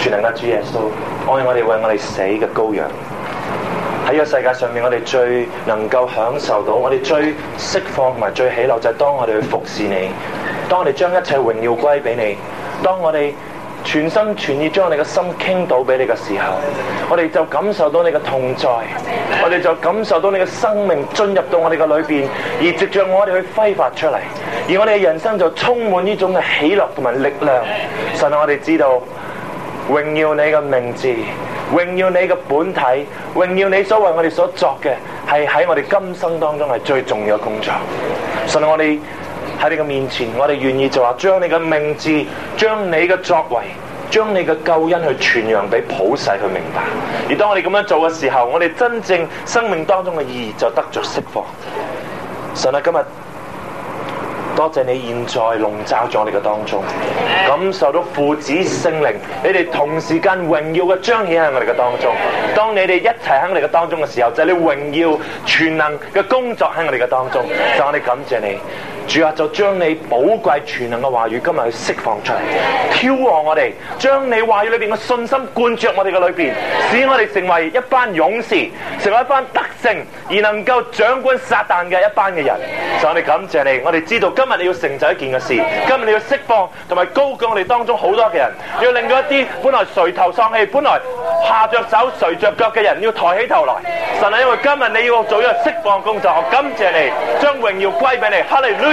全能嘅主耶穌，愛我哋為我哋死嘅羔羊，喺呢個世界上面，我哋最能夠享受到，我哋最釋放同埋最喜樂，就係、是、當我哋去服侍你，當我哋將一切榮耀歸俾你，當我哋全心全意將我哋嘅心傾倒俾你嘅時候，我哋就感受到你嘅同在，我哋就感受到你嘅生命進入到我哋嘅裏邊，而藉着我哋去揮發出嚟，而我哋嘅人生就充滿呢種嘅喜樂同埋力量。神，我哋知道。榮耀你嘅名字，榮耀你嘅本體，榮耀你所為我哋所作嘅，係喺我哋今生當中係最重要嘅工作。神啊，我哋喺你嘅面前，我哋願意就話將你嘅名字、將你嘅作為、將你嘅救恩去傳揚俾普世去明白。而當我哋咁樣做嘅時候，我哋真正生命當中嘅意義就得着釋放。神，今日。多謝你現在籠罩咗我哋嘅當中，感受到父子聖靈，你哋同時間榮耀嘅彰顯喺我哋嘅當中。當你哋一齊喺我哋嘅當中嘅時候，就係你榮耀全能嘅工作喺我哋嘅當中。就我哋感謝你。主啊，就將你寶貴全能嘅話語今日去釋放出嚟，挑旺我哋，將你話語裏邊嘅信心灌著我哋嘅裏邊，使我哋成為一班勇士，成為一班得勝而能夠掌管撒但嘅一班嘅人。神，我哋感謝你，我哋知道今日你要成就一件嘅事，今日你要釋放同埋高舉我哋當中好多嘅人，要令到一啲本來垂頭喪氣、本來下著手、垂著腳嘅人要抬起頭來。神啊，因為今日你要做一個釋放工作，我感謝你將榮耀歸俾你，哈利路。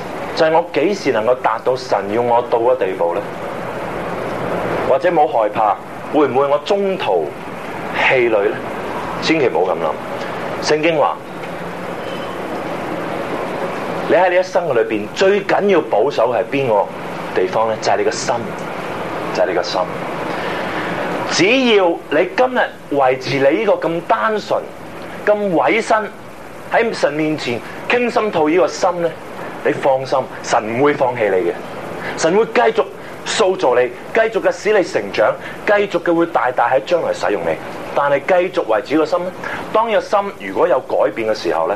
就係、是、我幾時能夠達到神要我到嘅地步咧？或者冇害怕，會唔會我中途氣餒咧？千祈唔好咁諗。聖經話：你喺你一生嘅裏邊，最緊要保守係邊個地方咧？就係、是、你個心，就係、是、你個心。只要你今日維持你呢個咁單純、咁委身喺神面前傾心吐意個心咧。你放心，神唔會放棄你嘅，神會繼續塑造你，繼續嘅使你成長，繼續嘅會大大喺將來使用你。但係繼續維持嘅心，當你個心，如果有改變嘅時候咧，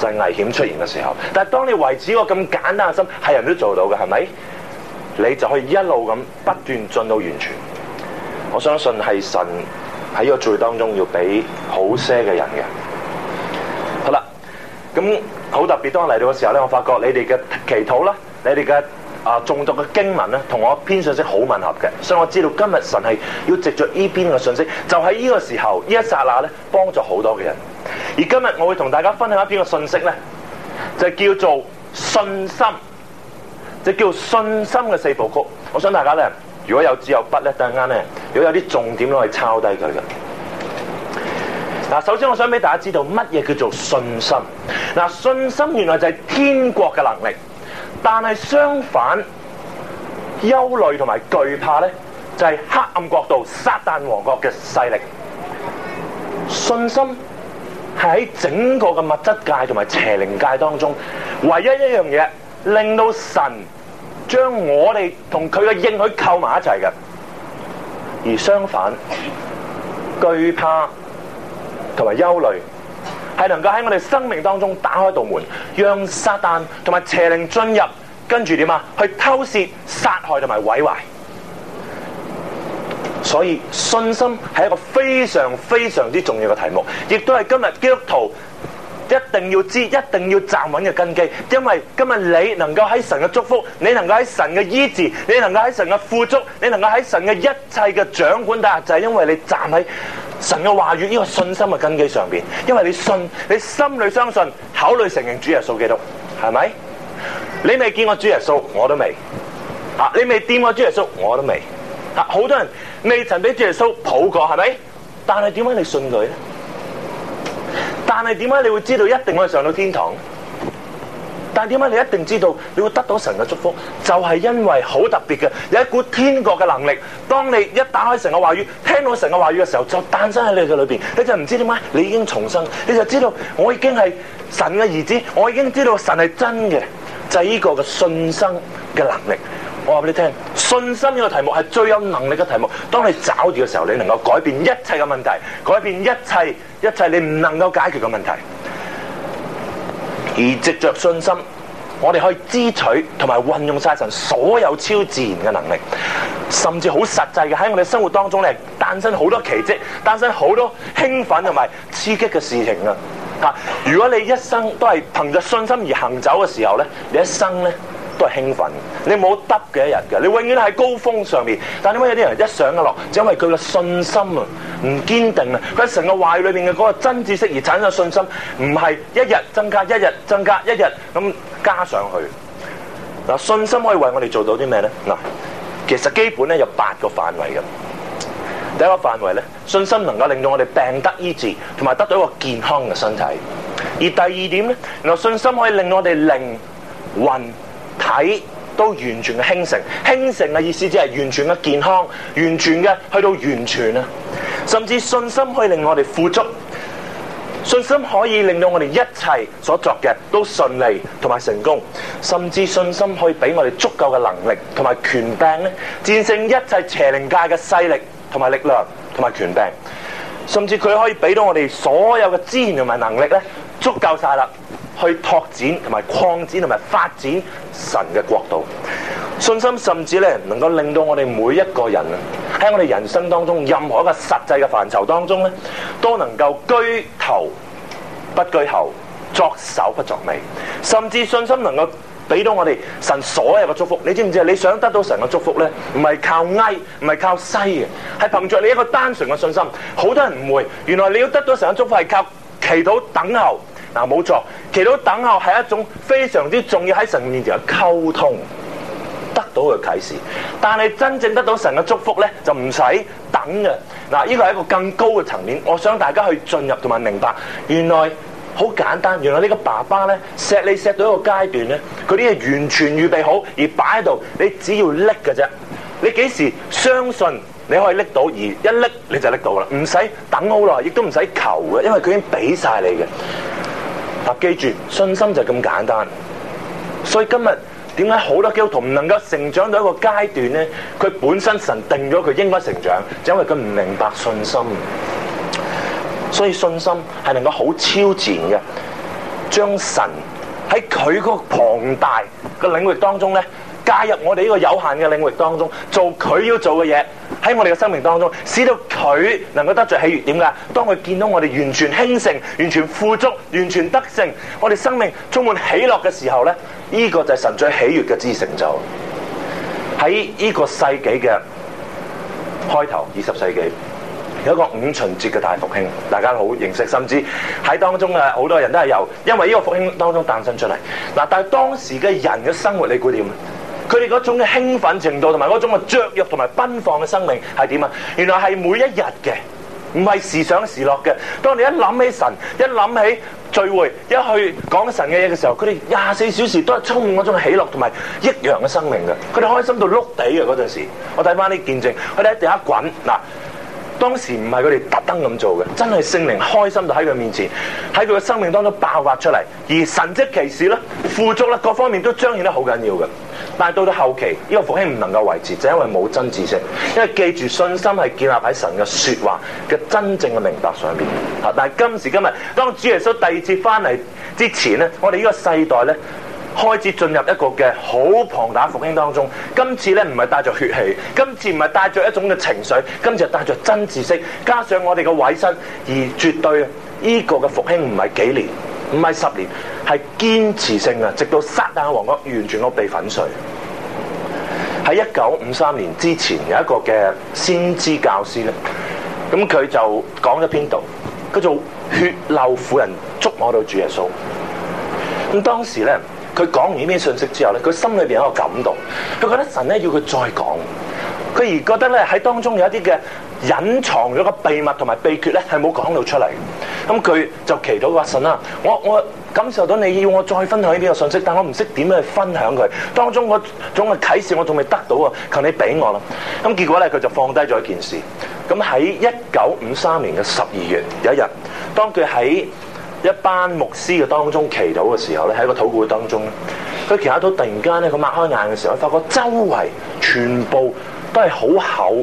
就係危險出現嘅時候。但係當你維持個咁簡單嘅心，係人都做到嘅，係咪？你就可以一路咁不斷進到完全。我相信係神喺個罪當中要俾好些嘅人嘅。好啦，咁。好特別，當我嚟到嘅時候咧，我發覺你哋嘅祈禱啦，你哋嘅啊中毒嘅經文咧，同我一篇信息好吻合嘅，所以我知道今日神係要藉著呢篇嘅信息，就喺呢個時候，呢一剎那咧幫助好多嘅人。而今日我會同大家分享一篇嘅信息咧，就叫做信心，就叫信心嘅四部曲。我想大家咧，如果有紙有筆咧，等陣間咧，如果有啲重點攞嚟抄低佢嘅。嗱，首先我想俾大家知道乜嘢叫做信心。嗱，信心原來就係天國嘅能力，但係相反，憂慮同埋懼怕呢就係、是、黑暗國度、撒旦王國嘅勢力。信心係喺整個嘅物質界同埋邪靈界當中，唯一一樣嘢令到神將我哋同佢嘅應許扣埋一齊嘅。而相反，懼怕。同埋憂慮，係能夠喺我哋生命當中打開道門，讓撒旦同埋邪靈進入，跟住點啊？去偷竊、殺害同埋毀壞。所以信心係一個非常非常之重要嘅題目，亦都係今日基督徒一定要知、一定要站穩嘅根基。因為今日你能夠喺神嘅祝福，你能夠喺神嘅醫治，你能夠喺神嘅富足，你能夠喺神嘅一切嘅掌管底下，就係因為你站喺。神嘅話語呢、這個信心嘅根基上邊，因為你信，你心裏相信，口裡承認主耶穌基督，係咪？你未見過主耶穌，我都未。你未掂過主耶穌，我都未。吓，好多人未曾俾主耶穌抱過，係咪？但係點解你信佢咧？但係點解你會知道一定可以上到天堂？但係點解你一定知道你會得到神嘅祝福？就係因為好特別嘅，有一股天國嘅能力。當你一打開神嘅話語，聽到神嘅話語嘅時候，就誕生喺你嘅裏邊。你就唔知點解你已經重生，你就知道我已經係神嘅兒子。我已經知道神係真嘅，就係呢個嘅信心嘅能力。我話俾你聽，信心呢個題目係最有能力嘅題目。當你找住嘅時候，你能夠改變一切嘅問題，改變一切一切你唔能夠解決嘅問題。而藉着信心，我哋可以支取同埋運用晒神所有超自然嘅能力，甚至好實際嘅喺我哋生活當中咧，誕生好多奇蹟，誕生好多興奮同埋刺激嘅事情啊，如果你一生都係憑着信心而行走嘅時候咧，你一生呢，都係興奮，你冇得嘅一日嘅，你永遠喺高峰上面。但係點解有啲人一上一落？就因為佢嘅信心啊，唔堅定啊，佢喺成個壞裏面嘅嗰個真知識而產生信心，唔係一日增加，一日增加，一日咁加上去嗱。信心可以為我哋做到啲咩呢？嗱，其實基本咧有八個範圍嘅。第一個範圍咧，信心能夠令到我哋病得醫治，同埋得到一個健康嘅身體。而第二點咧，然後信心可以令我哋靈魂體都完全嘅興盛，興盛嘅意思只係完全嘅健康，完全嘅去到完全啊！甚至信心可以令我哋富足，信心可以令到我哋一切所作嘅都順利同埋成功，甚至信心可以俾我哋足夠嘅能力同埋權柄咧，戰勝一切邪靈界嘅勢力同埋力量同埋權柄，甚至佢可以俾到我哋所有嘅資源同埋能力咧，足夠晒啦。去拓展同埋擴展同埋發展神嘅國度，信心甚至咧能夠令到我哋每一個人啊喺我哋人生當中任何一個實際嘅範疇當中咧都能夠居頭不居後，作首不作尾，甚至信心能夠俾到我哋神所有嘅祝福。你知唔知啊？你想得到神嘅祝福咧，唔係靠埃，唔係靠西嘅，係憑着你一個單純嘅信心。好多人誤會，原來你要得到神嘅祝福係靠祈禱等候。嗱，冇錯，其實等候係一種非常之重要喺神面前嘅溝通，得到佢嘅啟示。但係真正得到神嘅祝福咧，就唔使等嘅。嗱，呢個係一個更高嘅層面，我想大家去進入同埋明白。原來好簡單，原來呢個爸爸咧錫你錫到一個階段咧，佢啲嘢完全預備好而擺喺度，你只要拎㗎啫。你幾時相信你可以拎到，而一拎你就拎到啦，唔使等好耐，亦都唔使求嘅，因為佢已經俾曬你嘅。嗱，記住信心就咁簡單，所以今日點解好多基督徒唔能夠成長到一個階段咧？佢本身神定咗佢應該成長，就因為佢唔明白信心。所以信心係能夠好超前嘅，將神喺佢嗰個龐大嘅領域當中咧，帶入我哋呢個有限嘅領域當中，做佢要做嘅嘢，喺我哋嘅生命當中，使到佢能夠得着喜悅。點解？當佢見到我哋完全興盛、完全富足、完全得勝，我哋生命充滿喜樂嘅時候呢呢、呢個就係神最喜悅嘅之成就。喺呢個世紀嘅開頭，二十世紀有一個五旬節嘅大復興，大家好認識，甚至喺當中嘅好多人都係由因為呢個復興當中誕生出嚟。嗱，但係當時嘅人嘅生活，你估點？佢哋嗰種嘅興奮程度同埋嗰種嘅雀躍同埋奔放嘅生命係點啊？原來係每一日嘅，唔係時上時落嘅。當你一諗起神，一諗起聚會，一去講神嘅嘢嘅時候，佢哋廿四小時都係充滿嗰種喜樂同埋抑揚嘅生命嘅。佢哋開心到碌地嘅嗰陣時，我睇翻啲見證，佢哋喺地下滾嗱。當時唔係佢哋特登咁做嘅，真係聖靈開心到喺佢面前，喺佢嘅生命當中爆發出嚟，而神蹟奇事咧、富足啦各方面都彰顯得好緊要嘅。但係到到後期，呢、這個復興唔能夠維持，就因為冇真知識，因為記住信心係建立喺神嘅説話嘅真正嘅明白上邊。嚇！但係今時今日，當主耶穌第二次翻嚟之前咧，我哋呢個世代咧。開始進入一個嘅好龐大復興當中，今次咧唔係帶着血氣，今次唔係帶着一種嘅情緒，今次係帶着真知識，加上我哋嘅委身，而絕對呢個嘅復興唔係幾年，唔係十年，係堅持性啊，直到撒旦嘅王國完全都被粉碎。喺一九五三年之前，有一個嘅先知教師咧，咁佢就講咗篇道，叫做《血流婦人捉我到主耶穌》。咁當時咧。佢講完呢啲信息之後咧，佢心裏邊有一個感動，佢覺得神咧要佢再講，佢而覺得咧喺當中有一啲嘅隱藏咗個秘密同埋秘訣咧，係冇講到出嚟。咁佢就祈禱話神啊，我我感受到你要我再分享呢啲嘅信息，但我唔識點樣去分享佢，當中嗰種嘅啓示我仲未得到啊，求你俾我啦。咁結果咧，佢就放低咗一件事。咁喺一九五三年嘅十二月有一日，當佢喺。一班牧師嘅當中祈禱嘅時候咧，喺一個禱告當中佢祈到突然間咧，佢擘開眼嘅時候咧，發覺周圍全部都係好厚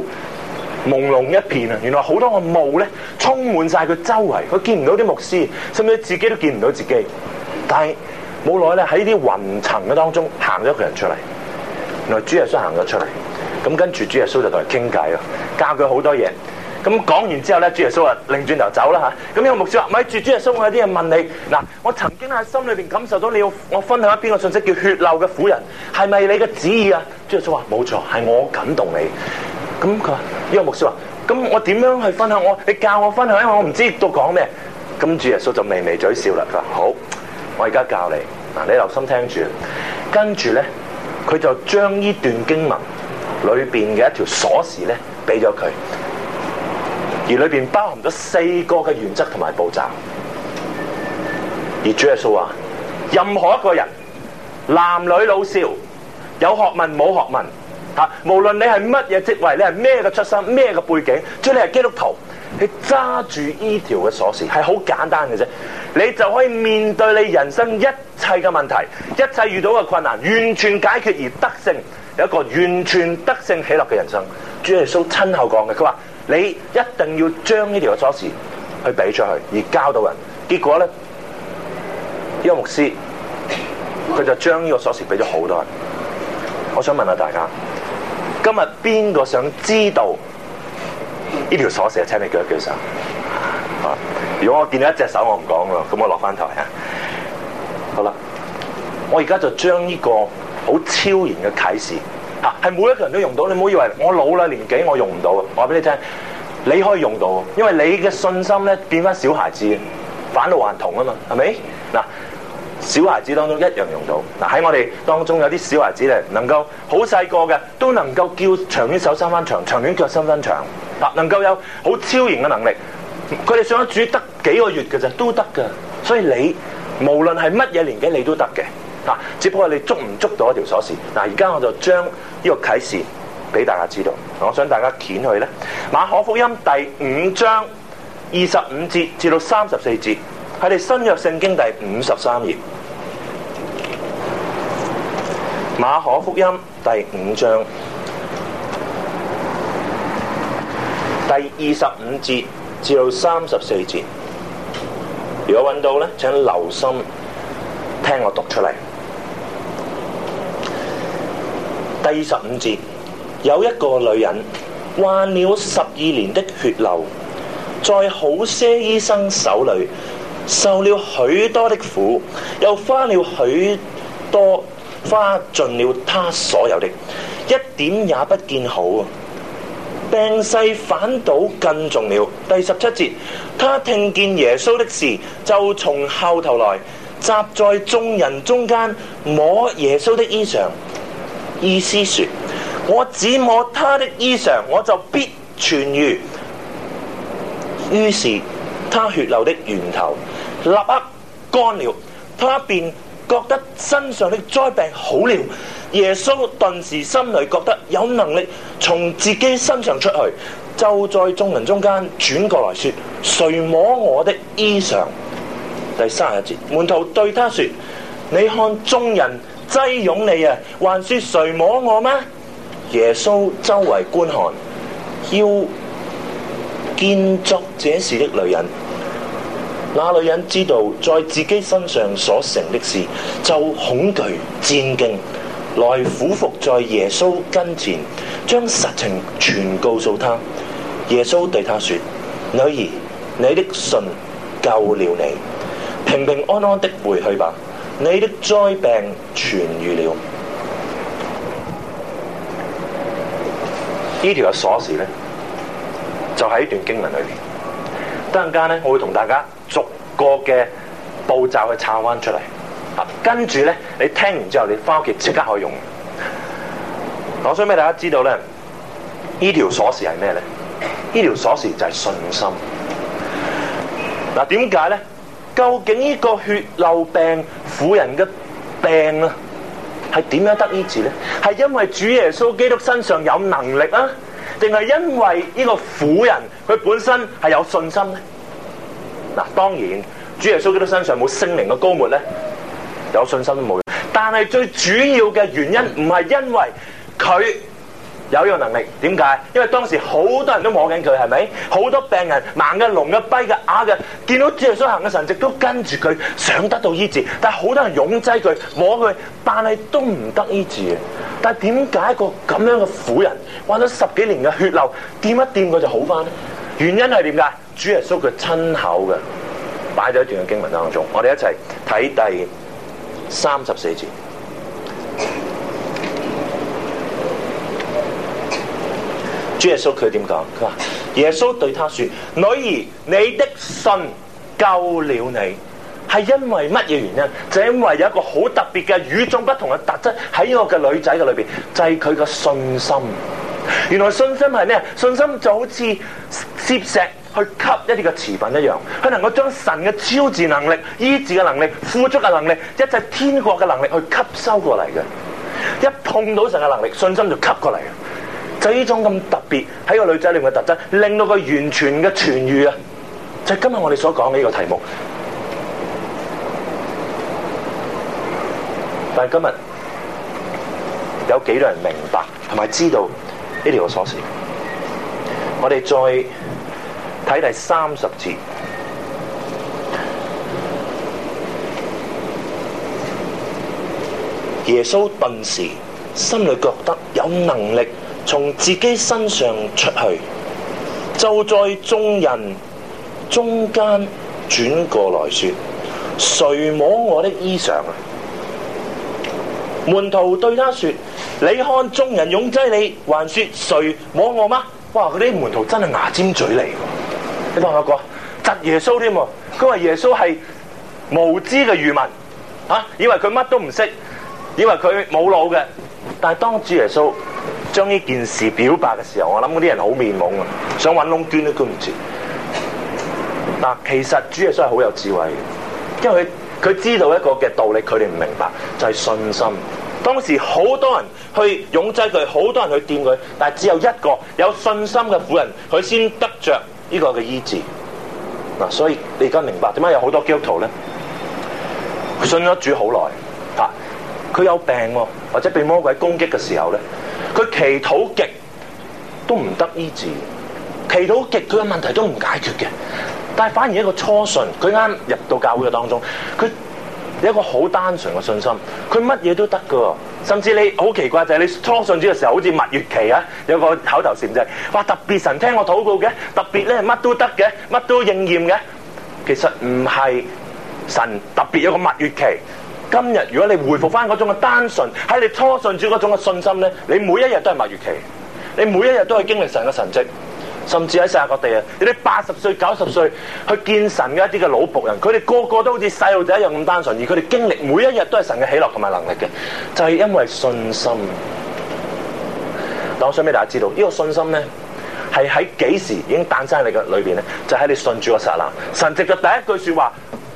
朦朧一片啊！原來好多個霧咧，充滿晒佢周圍，佢見唔到啲牧師，甚至自己都見唔到自己。但係冇耐咧，喺啲雲層嘅當中行咗一個人出嚟，原來主耶穌行咗出嚟，咁跟住主耶穌就同佢傾偈咯，教佢好多嘢。咁講完之後咧，主耶穌話：擰轉頭走啦吓。咁呢個牧師話：咪住！主耶穌，我有啲人問你，嗱，我曾經喺心裏面感受到你，要我分享一邊個信息叫血漏嘅婦人，係咪你嘅旨意啊？主耶穌話：冇錯，係我感動你。咁佢話：呢個牧師話，咁我點樣去分享我？你教我分享因為我，我唔知都講咩。咁主耶穌就微微嘴笑啦，佢話：好，我而家教你，嗱，你留心聽住。跟住咧，佢就將呢段經文裏面嘅一條鎖匙咧，俾咗佢。而裏邊包含咗四個嘅原則同埋步驟。而主耶穌話：，任何一個人，男女老少，有學問冇學問，吓，無論你係乜嘢職位，你係咩嘅出身，咩嘅背景，只要你係基督徒，你揸住呢條嘅鎖匙，係好簡單嘅啫，你就可以面對你人生一切嘅問題，一切遇到嘅困難，完全解決而得勝，有一個完全得勝喜樂嘅人生。主耶穌親口講嘅，佢話。你一定要將呢條鎖匙去俾出去，而交到人。結果咧，呢個牧師佢就將呢個鎖匙俾咗好多人。我想問下大家，今日邊個想知道呢條鎖匙？請你舉一舉手。啊，如果我見到一隻手，我唔講喎。咁我落翻台啊。好啦，我而家就將呢個好超然嘅啟示。係每一個人都用到，你唔好以為我老啦，年紀我用唔到，我話俾你聽，你可以用到，因為你嘅信心咧變翻小孩子，返老還童啊嘛，係咪？嗱，小孩子當中一樣用到，嗱，喺我哋當中有啲小孩子咧能夠好細個嘅，都能夠叫長短手伸翻長，長短腳伸翻長，嗱，能夠有好超型嘅能力，佢哋上咗主得幾個月嘅咋，都得噶，所以你無論係乜嘢年紀你都得嘅。嗱，只不過你捉唔捉到一條鎖匙。嗱，而家我就將呢個啟示俾大家知道。我想大家掀去咧，《馬可福音》第五章二十五節至到三十四節，喺你《新約聖經》第五十三頁，《馬可福音》第五章第二十五節至到三十四節。如果揾到咧，請留心聽我讀出嚟。第十五節，有一個女人患了十二年的血流，在好些醫生手裏受了許多的苦，又花了許多花盡了她所有的一點也不見好，病勢反倒更重了。第十七節，她聽見耶穌的事，就從後頭來，雜在眾人中間摸耶穌的衣裳。意思說，我只摸他的衣裳，我就必痊癒。於是他血流的源頭立刻乾了，他便覺得身上的災病好了。耶穌頓時心裏覺得有能力從自己身上出去，就在眾人中間轉過來說：誰摸我的衣裳？第三十一節門徒對他說：你看眾人。擠擁你啊！還說誰摸我嗎？耶穌周圍觀看，要見作這事的女人。那女人知道在自己身上所成的事，就恐懼戰驚，來俯伏在耶穌跟前，將實情全告訴他。耶穌對她說：女兒，你的信救了你，平平安安的回去吧。你的災病痊愈了，呢條嘅鎖匙就喺呢段經文裏面。等陣間我會同大家逐個嘅步驟去拆彎出嚟。啊，跟住你聽完之後，你翻屋企即刻可以用。我想俾大家知道呢，呢條鎖匙係咩呢？呢條鎖匙就係信心。嗱，點解呢？究竟呢個血漏病婦人嘅病啊，係點樣得醫治呢？係因為主耶穌基督身上有能力啊，定係因為呢個婦人佢本身係有信心呢？嗱，當然主耶穌基督身上冇聖靈嘅高沫呢，有信心都冇用。但係最主要嘅原因唔係因為佢。有呢個能力，點解？因為當時好多人都摸緊佢，係咪？好多病人盲嘅、聾嘅、跛嘅、啞嘅、啊，見到主耶穌行嘅神蹟都跟住佢，想得到醫治。但係好多人擁擠佢，摸佢，但係都唔得醫治嘅。但係點解個咁樣嘅婦人，患咗十幾年嘅血流，掂一掂佢就好翻咧？原因係點解？主耶穌佢親口嘅，擺咗一段經文當中，我哋一齊睇第三十四節。主耶穌佢點講？佢話耶穌對他說：女兒，你的信救了你。係因為乜嘢原因？就因為有一個好特別嘅、與眾不同嘅特質喺我嘅女仔嘅裏邊，就係佢嘅信心。原來信心係咩？信心就好似攝石去吸一啲嘅磁粉一樣，佢能夠將神嘅超自然能力、醫治嘅能力、付出嘅能力、一切天國嘅能力去吸收過嚟嘅。一碰到神嘅能力，信心就吸過嚟嘅。喺呢種咁特別喺個女仔裏面嘅特質，令到佢完全嘅痊愈啊！就係今日我哋所講嘅呢個題目。但係今日有幾多人明白同埋知道呢條鎖匙？我哋再睇第三十節，耶穌頓時心裏覺得有能力。從自己身上出去，就在眾人中間轉過來說：誰摸我的衣裳啊？門徒對他說：你看眾人擁擠，你還說誰摸我嗎？哇！嗰啲門徒真係牙尖嘴利，你當我講窒耶穌添、啊，佢話耶穌係無知嘅愚民，吓、啊、以為佢乜都唔識，以為佢冇腦嘅，但係當主耶穌。將呢件事表白嘅時候，我諗嗰啲人好面懵啊，想搵窿捐都捐唔住。嗱，其實主係真係好有智慧嘅，因為佢佢知道一個嘅道理，佢哋唔明白就係信心。當時好多人去擁擠佢，好多人去掂佢，但係只有一個有信心嘅婦人，佢先得着呢個嘅醫治。嗱，所以你而家明白點解有好多基督徒咧，信咗主好耐，吓佢有病或者被魔鬼攻擊嘅時候咧。佢祈禱極都唔得醫治，祈禱極佢嘅問題都唔解決嘅，但係反而一個初信，佢啱入到教會嘅當中，佢有一個好單純嘅信心，佢乜嘢都得嘅，甚至你好奇怪就係你初信主嘅時候，好似蜜月期啊，有個口頭禪就係：，話，特別神聽我禱告嘅，特別咧乜都得嘅，乜都應驗嘅。其實唔係神特別有一個蜜月期。今日如果你回復翻嗰種嘅單純，喺你初信主嗰種嘅信心咧，你每一日都係蜜月期，你每一日都係經歷神嘅神蹟，甚至喺世界各地啊，你啲八十歲、九十歲去見神嘅一啲嘅老僕人，佢哋個個都好似細路仔一樣咁單純，而佢哋經歷每一日都係神嘅喜樂同埋能力嘅，就係因為信心。但我想俾大家知道，呢個信心咧係喺幾時已經誕生喺你嘅裏邊咧？就喺你信主嗰剎那，神藉着第一句說話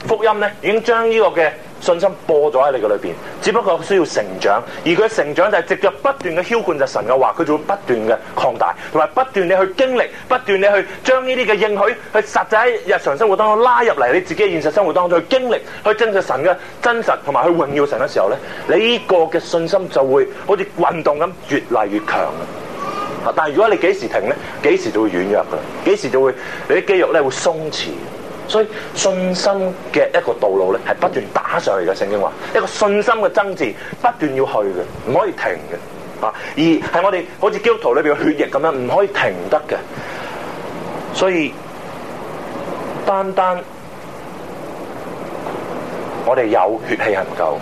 福音咧，已經將呢個嘅。信心播咗喺你嘅裏邊，只不過需要成長，而佢成長就係藉着不斷嘅澆灌，就神嘅話，佢就會不斷嘅擴大，同埋不斷你去經歷，不斷你去將呢啲嘅應許去實際喺日常生活當中拉入嚟，你自己嘅現實生活當中去經歷，去證實神嘅真實，同埋去榮耀神嘅時候咧，你呢個嘅信心就會好似運動咁越嚟越強。但係如果你幾時停咧，幾時就會軟弱噶，幾時就會你啲肌肉咧會鬆弛。所以信心嘅一個道路咧，係不斷打上嚟嘅。聖經話一個信心嘅增進，不斷要去嘅，唔可以停嘅，啊！而係我哋好似基督徒裏邊嘅血液咁樣，唔可以停得嘅。所以單單我哋有血氣係唔夠，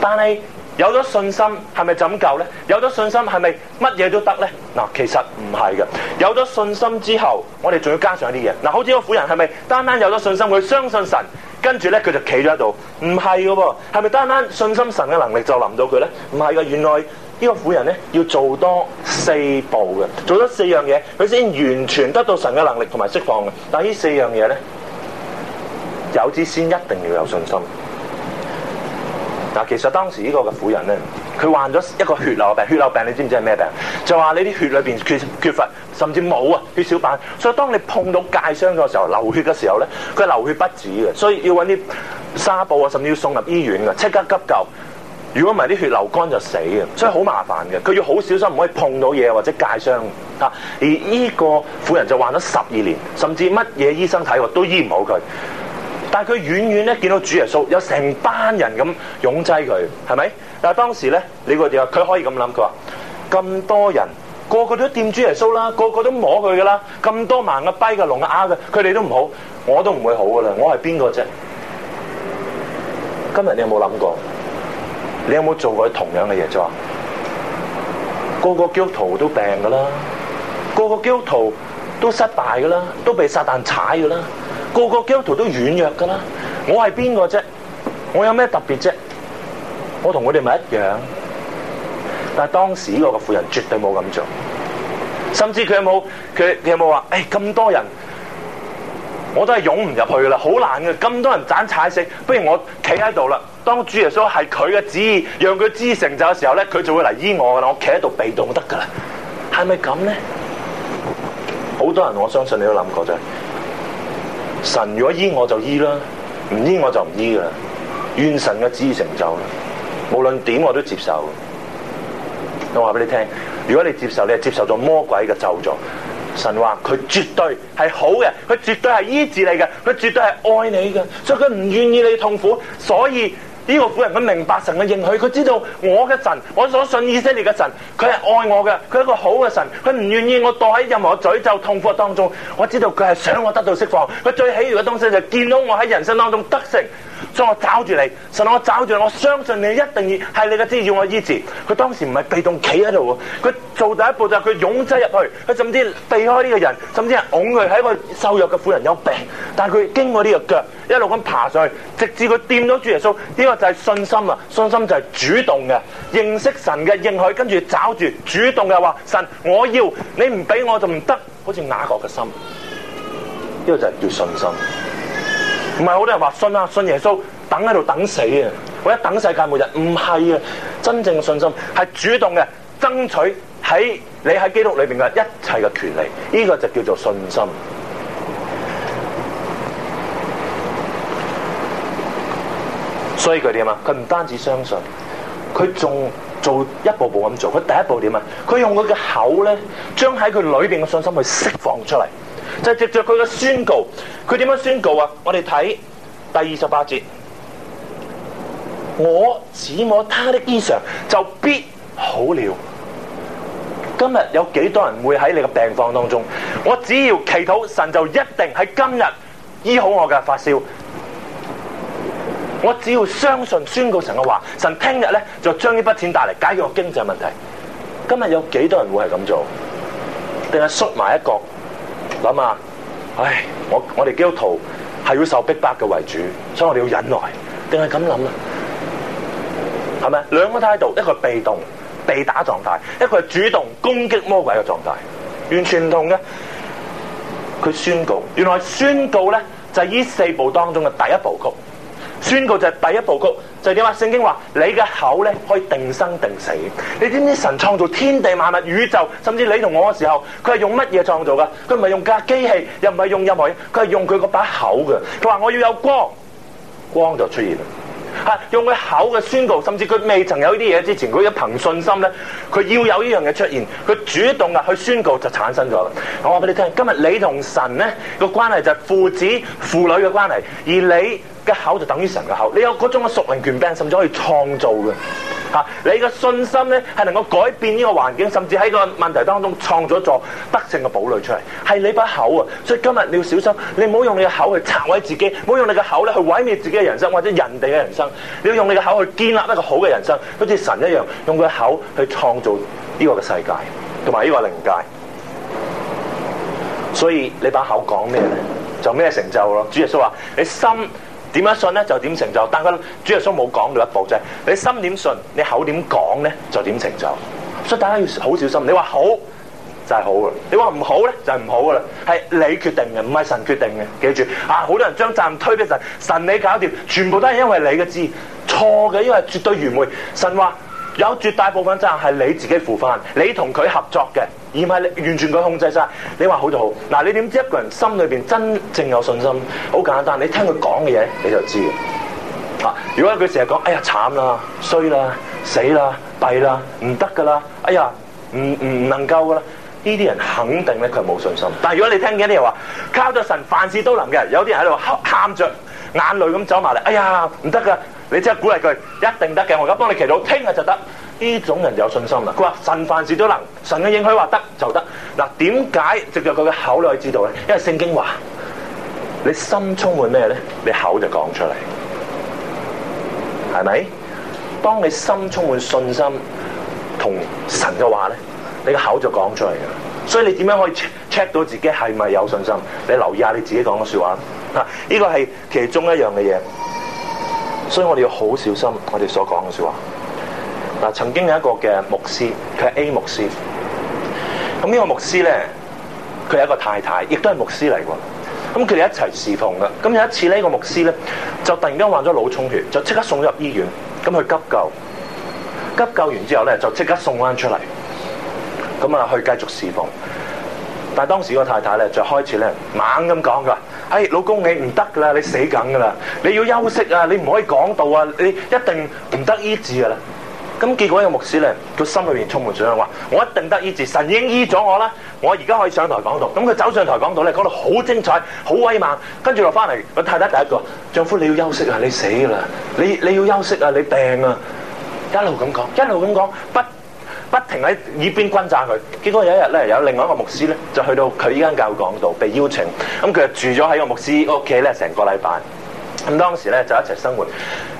但係。有咗信心係咪就咁夠咧？有咗信心係咪乜嘢都得呢？嗱，其實唔係嘅。有咗信心之後，我哋仲要加上一啲嘢。嗱，好似個婦人係咪單單有咗信心，佢相信神，跟住呢，佢就企咗喺度？唔係嘅，係咪單單信心神嘅能力就臨到佢呢？唔係嘅，原來呢個婦人要做多四步嘅，做多四樣嘢，佢先完全得到神嘅能力同埋釋放嘅。但係呢四樣嘢咧，有之先一定要有信心。嗱，其實當時呢個嘅婦人咧，佢患咗一個血瘤病。血瘤病你知唔知係咩病？就話你啲血裏面缺缺乏，甚至冇啊，血小板。所以當你碰到界傷嘅時候，流血嘅時候咧，佢流血不止嘅，所以要揾啲紗布啊，甚至要送入醫院嘅，即刻急救。如果唔係啲血流乾就死啊，所以好麻煩嘅。佢要好小心，唔可以碰到嘢或者界傷嚇。而呢個婦人就患咗十二年，甚至乜嘢醫生睇都醫唔好佢。但係佢遠遠咧見到主耶穌，有成班人咁擁擠佢，係咪？但當時咧，呢個點啊？佢可以咁諗，佢話咁多人，個個都掂主耶穌啦，個個都摸佢噶啦，咁多盲嘅跛嘅聾嘅啞嘅，佢哋都唔好，我都唔會好噶啦，我係邊個啫？今日你有冇諗過？你有冇做過同樣嘅嘢？就話個個基督徒都病噶啦，個個基督徒都失敗噶啦，都被撒旦踩噶啦。個個基督徒都軟弱噶啦，我係邊個啫？我有咩特別啫？我同佢哋咪一樣。但係當時嗰個婦人絕對冇咁做，甚至佢有冇佢佢有冇話誒，咁多人，我都係湧唔入去噶啦，好難㗎。咁多人盞踩死，不如我企喺度啦。當主耶穌係佢嘅旨意，讓佢知成就嘅時候咧，佢就會嚟醫我噶啦。我企喺度被動，得噶啦。係咪咁咧？好多人，我相信你都諗過啫。神如果醫我就醫啦，唔醫我就唔醫啦，願神嘅旨意成就啦，無論點我都接受。我話俾你聽，如果你接受，你係接受咗魔鬼嘅咒詛。神話佢絕對係好嘅，佢絕對係醫治你嘅，佢絕對係愛你嘅，所以佢唔願意你痛苦，所以。呢、這個婦人佢明白神嘅應許，佢知道我嘅神，我所信以色列嘅神，佢係愛我嘅，佢係一個好嘅神，佢唔願意我度喺任何嘅詛咒、痛苦當中。我知道佢係想我得到釋放，佢最喜悅嘅東西就係見到我喺人生當中得勝。所以我找住你，神，我找住你，我相信你一定要係你嘅旨意要我醫治。佢當時唔係被動企喺度，佢做第一步就係佢擁擠入去，佢甚至避開呢個人，甚至係㧬佢喺，一個瘦弱嘅婦人有病，但係佢經過呢個腳，一路咁爬上去，直至佢掂到主耶穌。呢、這個就係信心啦，信心就係主動嘅，認識神嘅，應許，跟住找住，主動嘅話，神，我要你唔俾我就唔得，好似雅各嘅心，呢、這個就係叫信心。唔係好多人話信、啊、信耶穌，等喺度等死，或者等世界末日。唔係啊，真正嘅信心係主動嘅，爭取喺你喺基督裏面嘅一切嘅權利。呢、這個就叫做信心。所以佢點啊？佢唔單止相信，佢仲做一步步咁做。佢第一步點啊？佢用佢嘅口呢，將喺佢裏面嘅信心去釋放出嚟。就藉着佢嘅宣告，佢點樣宣告啊？我哋睇第二十八節，我只摸他的衣裳就必好了。今日有幾多人會喺你的病房當中？我只要祈禱神就一定喺今日醫好我嘅發燒。我只要相信宣告神嘅話，神聽日咧就將呢筆錢帶嚟解決我經濟問題。今日有幾多人會係咁做？定係縮埋一角？諗下，唉，我我哋基督徒係要受逼迫嘅為主，所以我哋要忍耐，定係咁諗？啊？係咪？兩個態度，一個係被動被打狀態，一個係主動攻擊魔鬼嘅狀態，完全唔同嘅。佢宣告，原來宣告咧就係呢四步當中嘅第一部曲。宣告就係第一步曲，就點話啊？聖經話，你嘅口咧可以定生定死。你知唔知神創造天地萬物宇宙，甚至你同我嘅時候，佢係用乜嘢創造噶？佢唔係用架機器，又唔係用任何嘢，佢係用佢個把口嘅。佢話我要有光，光就出現啦。吓，用佢口嘅宣告，甚至佢未曾有呢啲嘢之前，佢一憑信心咧，佢要有呢樣嘢出現，佢主動啊去宣告就產生咗啦。我話俾你聽，今日你同神咧個關係就係父子父女嘅關係，而你嘅口就等於神嘅口，你有嗰種嘅屬靈權柄，甚至可以創造嘅吓、啊，你嘅信心咧係能夠改變呢個環境，甚至喺個問題當中創造一座得勝嘅堡壘出嚟，係你把口啊！所以今日你要小心，你唔好用你嘅口去拆毀自己，唔好用你嘅口咧去毀滅自己嘅人生或者人哋嘅人生，你要用你嘅口去建立一個好嘅人生，好似神一樣，用佢嘅口去創造呢個嘅世界同埋呢個靈界。所以你把口講咩咧，就咩、是、成就咯！主耶穌話：你心點樣信呢？就點成就，但佢主耶穌冇講到一步啫。你心點信，你口點講呢，就點成就。所以大家要好小心。你話好就係好嘅，你話唔好呢就係唔好噶啦。係你決定嘅，唔係神決定嘅。記住啊！好多人將責任推俾神，神你搞掂，全部都係因為你嘅字錯嘅，因為絕對愚昧。神話有絕大部分責任係你自己負翻，你同佢合作嘅。而唔係完全佢控制晒，你話好就好。嗱，你點知一個人心裏邊真正有信心？好簡單，你聽佢講嘅嘢你就知。啊，如果佢成日講，哎呀，慘啦，衰啦，死啦，弊啦，唔得噶啦，哎呀，唔唔能夠噶啦，呢啲人肯定咧佢係冇信心。但係如果你聽緊啲人話靠咗神，凡事都能嘅，有啲人喺度喊著眼淚咁走埋嚟，哎呀，唔得噶，你即刻鼓勵佢，一定得嘅，我而家幫你祈禱聽日就得。呢種人就有信心啦，佢話神凡事都能，神嘅應許話得就得。嗱，點解？藉着佢嘅口你可以知道咧，因為聖經話你心充滿咩咧，你口就講出嚟，係咪？當你心充滿信心同神嘅話咧，你嘅口就講出嚟嘅。所以你點樣可以 check 到自己係咪有信心？你留意下你自己講嘅說話啦，呢個係其中一樣嘅嘢。所以我哋要好小心我哋所講嘅說話。曾經有一個嘅牧師，佢係 A 牧師。咁呢個牧師呢，佢有一個太太，亦都係牧師嚟喎。咁佢哋一齊侍奉㗎。咁有一次呢這個牧師呢，就突然間患咗腦充血，就即刻送咗入醫院。咁去急救，急救完之後呢就即刻送返出嚟。咁去繼續侍奉。但當當時個太太呢就開始呢猛咁講：「哎，老公你唔得㗎喇，你死緊㗎喇，你要休息啊，你唔可以講道啊，你一定唔得醫治㗎喇。」咁結果呢個牧師呢，佢心裏面充滿信心話：我一定得醫治，神已經醫咗我啦！我而家可以上台講道。咁佢走上台講道呢，講到好精彩、好威猛。跟住落返嚟，個太太第一句話：丈夫你要休息呀，你死啦！你要休息呀、啊，你病啊,啊！一路咁講，一路咁講，不停喺耳邊轟炸佢。結果有一日呢，有另外一個牧師呢，就去到佢依間教會講道，被邀請。咁佢就住咗喺個牧師屋企呢，成個禮拜。咁當時咧就一齊生活，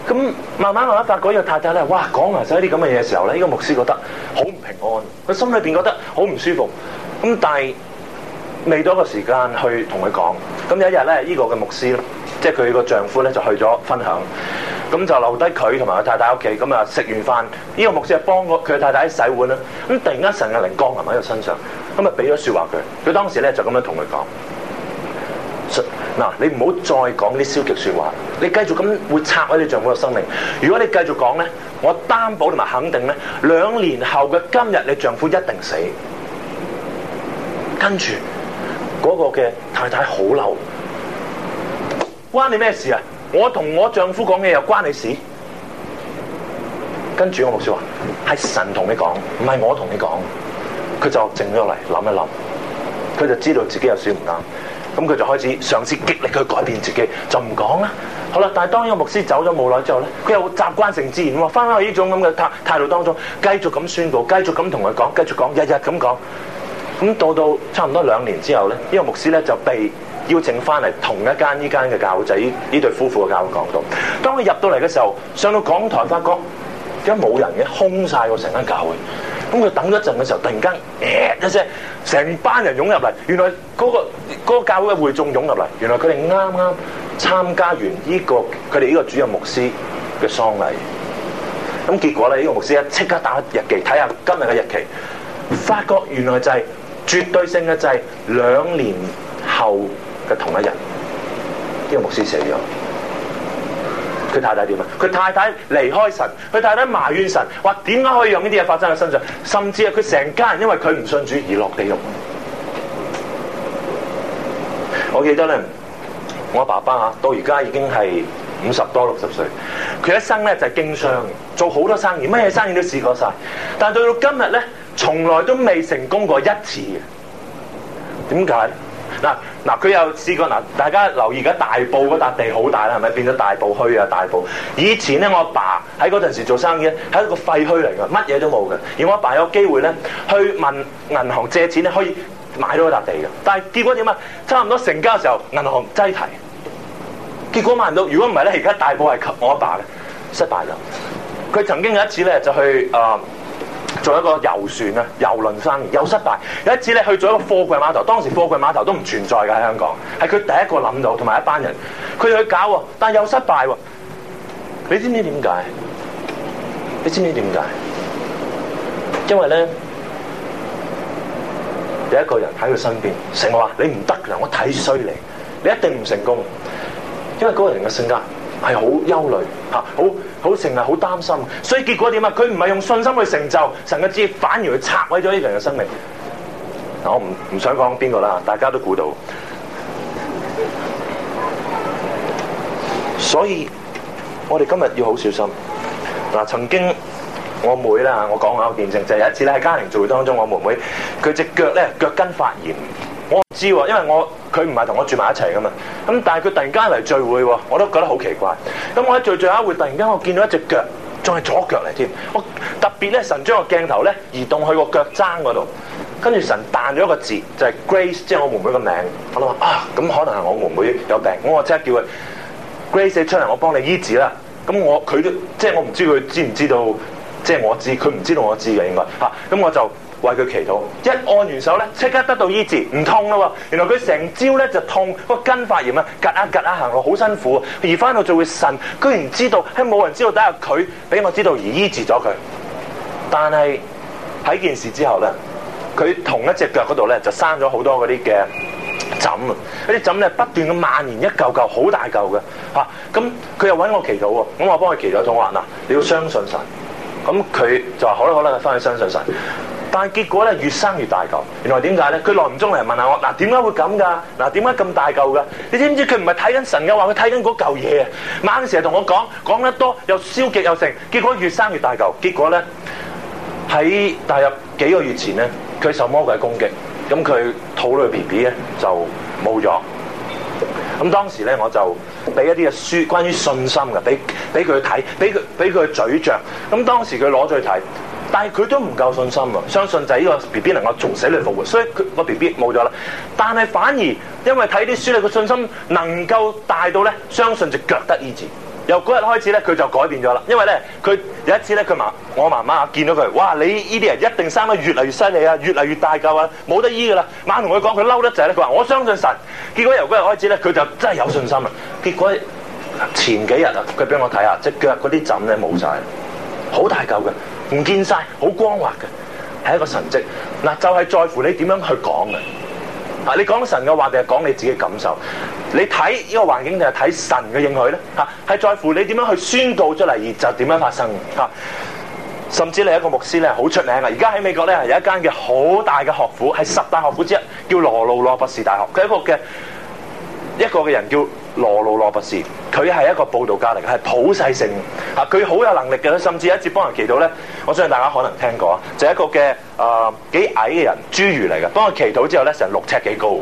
咁慢慢慢慢發覺，呢個太太咧，哇，講埋曬啲咁嘅嘢嘅時候咧，呢個牧師覺得好唔平安，佢心裏邊覺得好唔舒服。咁但係未到個時間去同佢講。咁有一日咧，呢個嘅牧師咧，即係佢個丈夫咧就去咗分享，咁就留低佢同埋佢太太屋企。咁啊食完飯，呢個牧師啊幫佢嘅太太洗碗啦。咁突然間神嘅靈降臨喺佢身上，咁啊俾咗說話佢。佢當時咧就咁樣同佢講。嗱，你唔好再講啲消極說話，你繼續咁會拆毀你丈夫嘅生命。如果你繼續講咧，我擔保同埋肯定咧，兩年後嘅今日，你丈夫一定死。跟住嗰個嘅太太好嬲，關你咩事啊？我同我丈夫講嘅又關你事？跟住我牧師話係神同你講，唔係我同你講。佢就靜咗落嚟諗一諗，佢就知道自己有啲唔啱。咁佢就開始嘗試極力去改變自己，就唔講啦。好啦，但係當呢個牧師走咗冇耐之後咧，佢又習慣成自然喎，翻返去呢種咁嘅態度當中，繼續咁宣佈，繼續咁同佢講，繼續講，日日咁講。咁到到差唔多兩年之後咧，呢、呢個牧師咧就被邀請翻嚟同一間呢間嘅教會。呢、就呢、對夫婦嘅教會講道，當佢入到嚟嘅時候，上到講台發覺。點解冇人嘅？空晒個成間教會。咁佢等咗一陣嘅時候，突然間一聲，成班人湧入嚟。原來嗰個嗰個教會嘅會眾湧入嚟。原來佢哋啱啱參加完呢個佢哋呢個主任牧師嘅喪禮。咁結果咧，呢個牧師一即刻打日記，睇下今日嘅日期，發覺原來就係絕對性嘅就係兩年後嘅同一日。呢個牧師死咗。佢太太點啊？佢太太離開神，佢太太埋怨神，話點解可以用呢啲嘢，發生喺身上？甚至係佢成家人因為佢唔信主而落地獄。我記得呢，我爸爸到而家已經是五十多六十歲，佢一生呢就是經商做好多生意，咩嘢生意都試過晒，但到到今日呢，從來都未成功過一次嘅，點解？嗱嗱，佢又試過嗱，大家留意而家大埔嗰笪地好大啦，係咪變咗大埔墟啊？大埔以前咧，我阿爸喺嗰陣時做生意咧，係一個廢墟嚟㗎，乜嘢都冇嘅。而我阿爸有機會咧，去問銀行借錢咧，可以買到嗰笪地嘅。但係結果點啊？差唔多成交嘅時候，銀行擠提。結果買唔到，如果唔係咧，而家大埔係我阿爸嘅，失敗咗。佢曾經有一次咧，就去啊。呃做一個遊船啊，遊輪生意又失敗。有一次咧，去做一個貨櫃碼頭，當時貨櫃碼頭都唔存在噶喺香港，係佢第一個諗到，同埋一班人，佢哋去搞，但係又失敗。你知唔知點解？你知唔知點解？因為咧，有一個人喺佢身邊，成日話你唔得噶，我睇衰你，你一定唔成功。因為嗰個人嘅性格。係好憂慮吓，好好成日好擔心，所以結果點啊？佢唔係用信心去成就神嘅旨意，反而去拆毀咗呢個人嘅生命。我唔唔想講邊個啦，大家都估到。所以我哋今日要好小心。嗱，曾經我妹啦，我講下我見證，就係有一次咧喺家庭聚會當中，我妹妹佢隻腳咧腳跟發炎。我知喎，因為我佢唔係同我住埋一齊噶嘛，咁但係佢突然間嚟聚會喎，我都覺得好奇怪。咁我喺聚聚一會，突然間我見到一隻腳，仲係左腳嚟添。我特別咧，神將個鏡頭咧移動去個腳踭嗰度，跟住神彈咗一個字，就係 Grace，即係我妹妹個名。我諗啊，咁可能係我妹妹有病，我即刻叫佢 Grace 你出嚟，我幫你醫治啦。咁我佢都即係我唔知佢知唔知道，即係我知，佢唔知道我知嘅應該嚇。咁我就。為佢祈禱，一按完手咧，即刻得到醫治，唔痛啦。原來佢成朝咧就痛，個筋發炎隔啊，隔啊，夾啊夾啊行路好辛苦。而翻到就會神，居然知道喺冇人知道底下，佢俾我知道而醫治咗佢。但係喺件事之後咧，佢同一隻腳嗰度咧就生咗好多嗰啲嘅疹啊，嗰啲疹咧不斷咁蔓延，一嚿嚿好大嚿嘅吓。咁佢又揾我祈禱喎，咁我幫佢祈咗禱話嗱，你要相信神。咁佢就話好啦好啦，翻去相信神。但結果咧越生越大嚿，原來點解咧？佢耐唔中嚟問下我，嗱，點解會咁噶？嗱，點解咁大嚿噶？你知唔知佢唔係睇緊神噶，話佢睇緊嗰嚿嘢。晚上成日同我講，講得多又消極又成，結果越生越大嚿。結果咧喺大約幾個月前咧，佢受魔鬼攻擊，咁佢肚裏 B B 咧就冇咗。咁當時咧我就俾一啲嘅書，關於信心嘅，俾俾佢睇，俾佢俾佢咀嚼。咁當時佢攞咗去睇。但係佢都唔夠信心啊！相信就係呢個 B B 能夠做死嚟復活，所以佢個 B B 冇咗啦。但係反而因為睇啲書你個信心能夠大到咧，相信隻腳得醫治。由嗰日開始咧，佢就改變咗啦。因為咧，佢有一次咧，佢媽我媽媽見到佢，哇！你呢啲人一定生得越嚟越犀利啊，越嚟越大嚿啊，冇得醫噶啦！晚同佢講，佢嬲得滯咧，佢話我相信神。結果由嗰日開始咧，佢就真係有信心啊！結果前幾日啊，佢俾我睇下隻腳嗰啲疹咧冇晒，好大嚿嘅。唔見晒，好光滑嘅，係一個神跡。嗱，就係在乎你點樣去講嘅。啊，你講神嘅話定係講你自己嘅感受？你睇呢個環境定係睇神嘅應許咧？吓，係在乎你點樣去宣告出嚟，而就點樣發生吓。甚至你一個牧師咧，好出名啊！而家喺美國咧，有一間嘅好大嘅學府，係十大學府之一，叫羅路羅博士大學。佢一個嘅一個嘅人叫。羅路羅博士，佢係一個佈道家嚟，嘅，係普世性啊！佢好有能力嘅，甚至一次幫人祈禱咧。我相信大家可能聽過就係、是、一個嘅誒幾矮嘅人，侏儒嚟嘅。幫佢祈禱之後咧，成六尺幾高，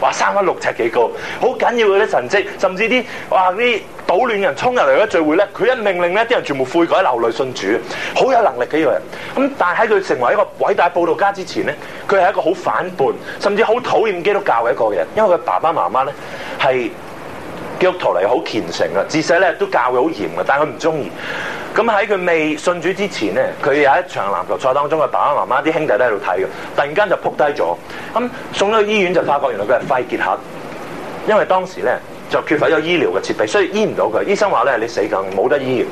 話生翻六尺幾高，好緊要嗰啲神跡，甚至啲哇啲搗亂人衝入嚟嘅聚會咧，佢一命令咧，啲人全部悔改流淚信主，好有能力嘅一個人。咁但係喺佢成為一個偉大佈道家之前咧，佢係一個好反叛，甚至好討厭基督教嘅一個人，因為佢爸爸媽媽咧係基督徒嚟好虔誠啊，自細咧都教佢好嚴嘅，但係佢唔中意。咁喺佢未信主之前咧，佢有一場籃球賽當中，佢爸爸媽媽啲兄弟都喺度睇嘅，突然間就仆低咗，咁送咗去醫院就發覺原來佢係肺結核，因為當時咧。就缺乏咗醫療嘅設備，所以醫唔到佢。醫生話咧：你死梗冇得醫。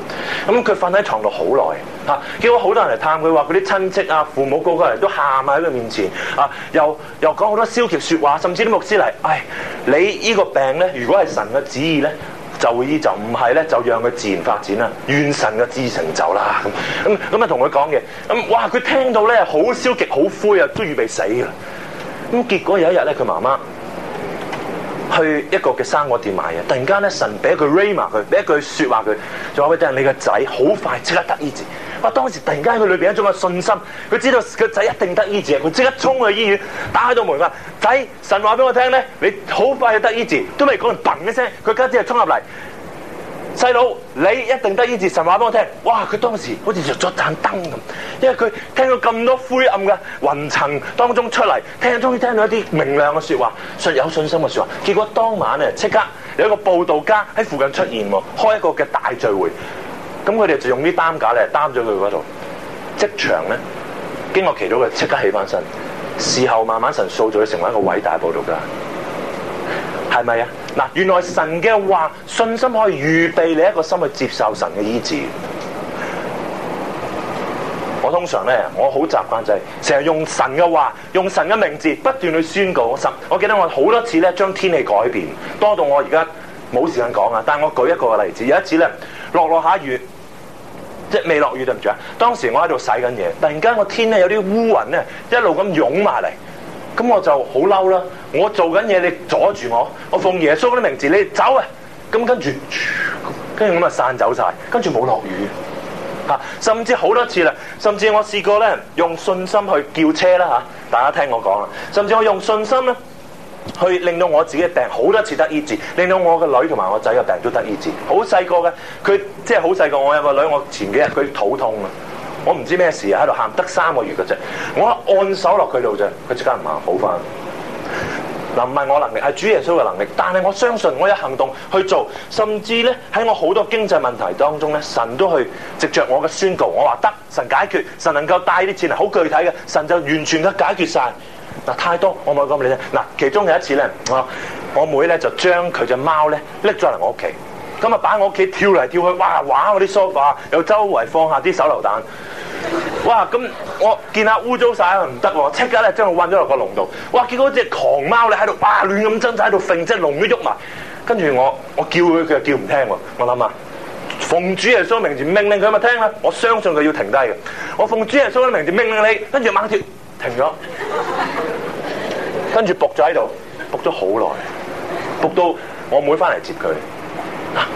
咁佢瞓喺床度好耐嚇，結果好多人嚟探佢，話佢啲親戚啊、父母個個人都喊喺佢面前啊，又又講好多消極説話，甚至啲牧師嚟，唉、哎，你呢個病咧，如果係神嘅旨意咧，就會醫就；唔係咧，就讓佢自然發展啦，願神嘅旨成就啦。咁咁咁啊，同佢講嘅，咁哇，佢聽到咧，好消極，好灰啊，都預備死啊。咁結果有一日咧，佢媽媽。去一個嘅生果店買嘢，突然間咧，神俾一句 rhema 佢，俾一句説話佢，仲話喂，等你個仔好快即刻得醫治。哇！當時突然間佢裏邊一種嘅信心，佢知道個仔一定得醫治，佢即刻衝去醫院，打開道門話：仔，神話俾我聽咧，你好快就得醫治，都未講完，嘣一聲，佢家姐就衝入嚟。細佬，你一定得醫治，神話俾我聽。哇！佢當時好似着咗盞燈咁，因為佢聽到咁多灰暗嘅雲層當中出嚟，聽，終於聽到一啲明亮嘅說話，信有信心嘅說話。結果當晚啊，即刻有一個報道家喺附近出現喎，開一個嘅大聚會。咁佢哋就用啲擔架嚟擔咗佢嗰度，即場咧，經過祈禱嘅，即刻起翻身。事後慢慢神塑造佢成為一個偉大報道家。是咪啊？嗱，原來神嘅話，信心可以預備你一個心去接受神嘅醫治。我通常呢，我好習慣就係成日用神嘅話，用神嘅名字不斷去宣告嗰心。我記得我好多次呢，將天氣改變，多到我而家冇時間講呀但我舉一個例子，有一次呢，落落下雨，即未落雨對唔住呀，當時我喺度洗緊嘢，突然間個天呢有啲烏雲呢一路噉湧埋嚟。咁我就好嬲啦！我做緊嘢，你阻住我，我奉耶穌嘅名字，你走啊！咁跟住，跟住我就散走晒。跟住冇落雨，啊、甚至好多次啦，甚至我試過咧用信心去叫車啦，啊、大家聽我講啦。甚至我用信心咧，去令到我自己嘅病好多次得醫治，令到我個女同埋我仔嘅病都得醫治。好細個嘅，佢即係好細個，我有個女，我前幾日佢肚痛啊。我唔知咩事啊，喺度喊，得三個月嘅啫。我一按手落佢度啫，佢即刻唔喊，好返。嗱，唔係我能力，係主耶穌嘅能力。但係我相信我有行動去做，甚至咧喺我好多經濟問題當中咧，神都去藉著我嘅宣告。我話得，神解決，神能夠帶啲錢嚟，好具體嘅，神就完全嘅解決晒。嗱，太多，我唔可以講俾你聽咧。嗱，其中有一次咧，我妹把他的我妹咧就將佢隻貓咧拎咗嚟我屋企。咁啊！擺我屋企跳嚟跳去，哇！玩我啲 sofa，又周圍放下啲手榴彈。哇！咁我見下污糟晒，唔得喎！即刻咧將佢困咗落個籠度。哇！見嗰隻狂貓咧喺度，哇！亂咁掙扎喺度揈，隻籠都喐埋。跟住我，我叫佢，佢又叫唔聽喎。我諗啊，奉主耶穌嘅名命令佢咪聽啦！我相信佢要停低嘅。我奉主耶穌嘅名命令你，跟住猛條停咗，跟住仆咗喺度，仆咗好耐，仆到我妹翻嚟接佢。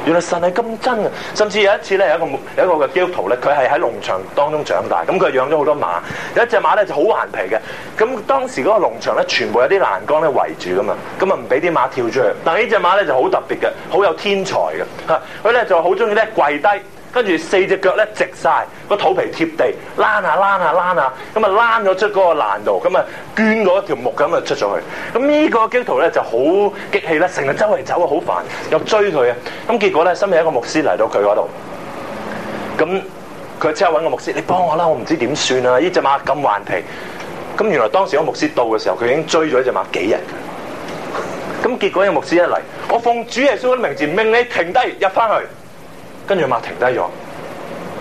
原來神係咁真啊！甚至有一次咧，有一個有一個嘅基督徒咧，佢係喺農場當中長大，咁佢養咗好多馬，有一隻馬咧就好頑皮嘅，咁當時嗰個農場咧全部有啲欄杆咧圍住噶嘛，咁啊唔俾啲馬跳出去。但係呢隻馬咧就好特別嘅，好有天才嘅，吓佢咧就好中意咧跪低。跟住四隻腳咧，直曬個肚皮貼地，躝下躝下躝下，咁啊躝咗出嗰個欄度，咁啊捲一條木咁啊出咗去。咁呢個基督徒咧就好激氣呢，成日周圍走啊，好煩又追佢啊。咁結果咧，身邊有一個牧師嚟到佢嗰度，咁佢即刻揾個牧師，你幫我啦，我唔知點算啦，呢隻馬咁頑皮。咁原來當時個牧師到嘅時候，佢已經追咗呢隻馬幾日。咁結果個牧師一嚟，我奉主耶穌嘅名字，命你停低入翻去。跟住馬停低咗，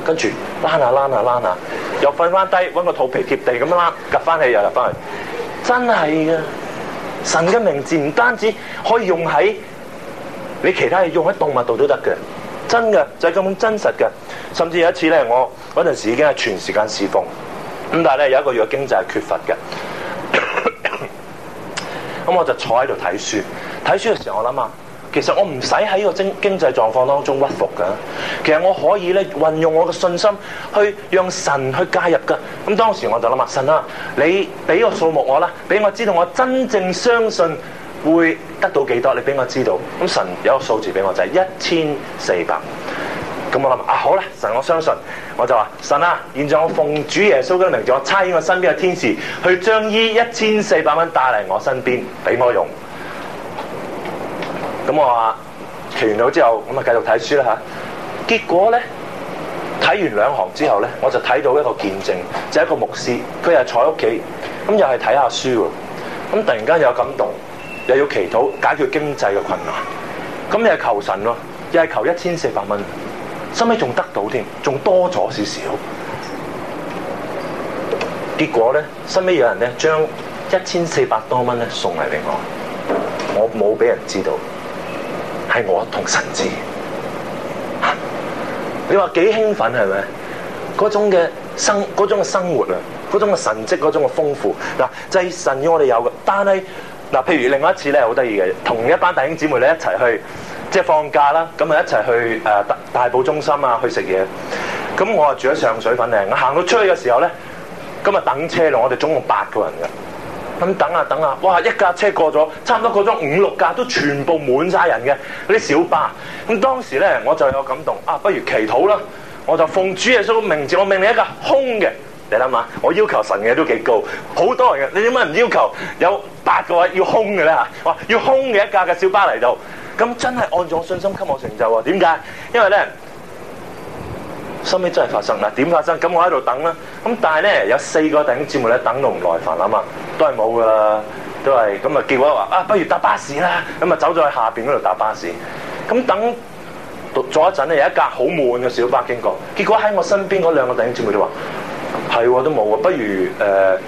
跟住攣下攣下攣下，又瞓翻低，搵個肚皮貼地咁樣攣，夾翻起又入翻去，真係㗎，神嘅名字唔單止可以用喺你其他嘢用喺動物度都得㗎，真㗎就係咁真實㗎。甚至有一次咧，我嗰陣時已經係全時間侍奉，咁但係咧有一個月嘅經濟係缺乏嘅，咁我就坐喺度睇書。睇書嘅時候我諗下。其實我唔使喺個經經濟狀況當中屈服噶，其實我可以咧運用我嘅信心去讓神去介入噶。咁當時我就諗啊，神啊，你俾個數目我啦，俾我知道我真正相信會得到幾多，你俾我知道。咁神有個數字俾我就係一千四百。咁我諗啊，好啦，神，我相信，我就話神啊，現在我奉主耶穌嘅名，叫我差遣我身邊嘅天使去將呢一千四百蚊帶嚟我身邊俾我用。咁我話祈完禱之後，咁啊繼續睇書啦嚇。結果呢，睇完兩行之後呢，我就睇到一個見證，就係、一個牧師，佢又坐喺屋企，咁又係睇下書喎。咁突然間又有感動，又要祈禱解決經濟嘅困難，咁又係求神囉，又係求一千四百蚊。收尾仲得到添，仲多咗少少。結果呢，收尾有人呢，將一千四百多蚊呢送嚟俾我，我冇俾人知道。係我同神子、啊，你話幾興奮係咪？嗰種嘅生，嗰種嘅生活那那啊，嗰種嘅神跡，嗰種嘅豐富嗱，就係神要我哋有嘅。但係嗱、啊，譬如另外一次咧，好得意嘅，同一班弟兄姊妹咧一齊去，即係放假啦，咁啊一齊去誒、呃、大埔中心啊去食嘢。咁我啊住喺上水粉嶺，我行到出去嘅時候咧，咁啊等車咯，我哋總共八個人嘅。咁等啊等啊，哇！一架車過咗，差唔多過咗五六架都全部滿晒人嘅，嗰啲小巴。咁當時咧我就有感動，啊，不如祈禱啦，我就奉主耶穌嘅名字，我命令一架空嘅，你諗下，我要求神嘅都幾高，好多人嘅。你點解唔要求有八個位要空嘅咧？哇，要空嘅一架嘅小巴嚟到，咁真係按住信心給我成就喎。點解？因為咧。收尾真係發生嗱，點發生？咁我喺度等啦，咁但係咧有四個弟兄姊妹咧等到唔耐煩啊嘛，都係冇噶啦，都係咁啊，結果話啊不如搭巴士啦，咁啊走咗去下邊嗰度搭巴士，咁等讀咗一陣咧有一架好悶嘅小巴經過，結果喺我身邊嗰兩個弟兄姊妹都話係、哎、都冇啊，不如誒。呃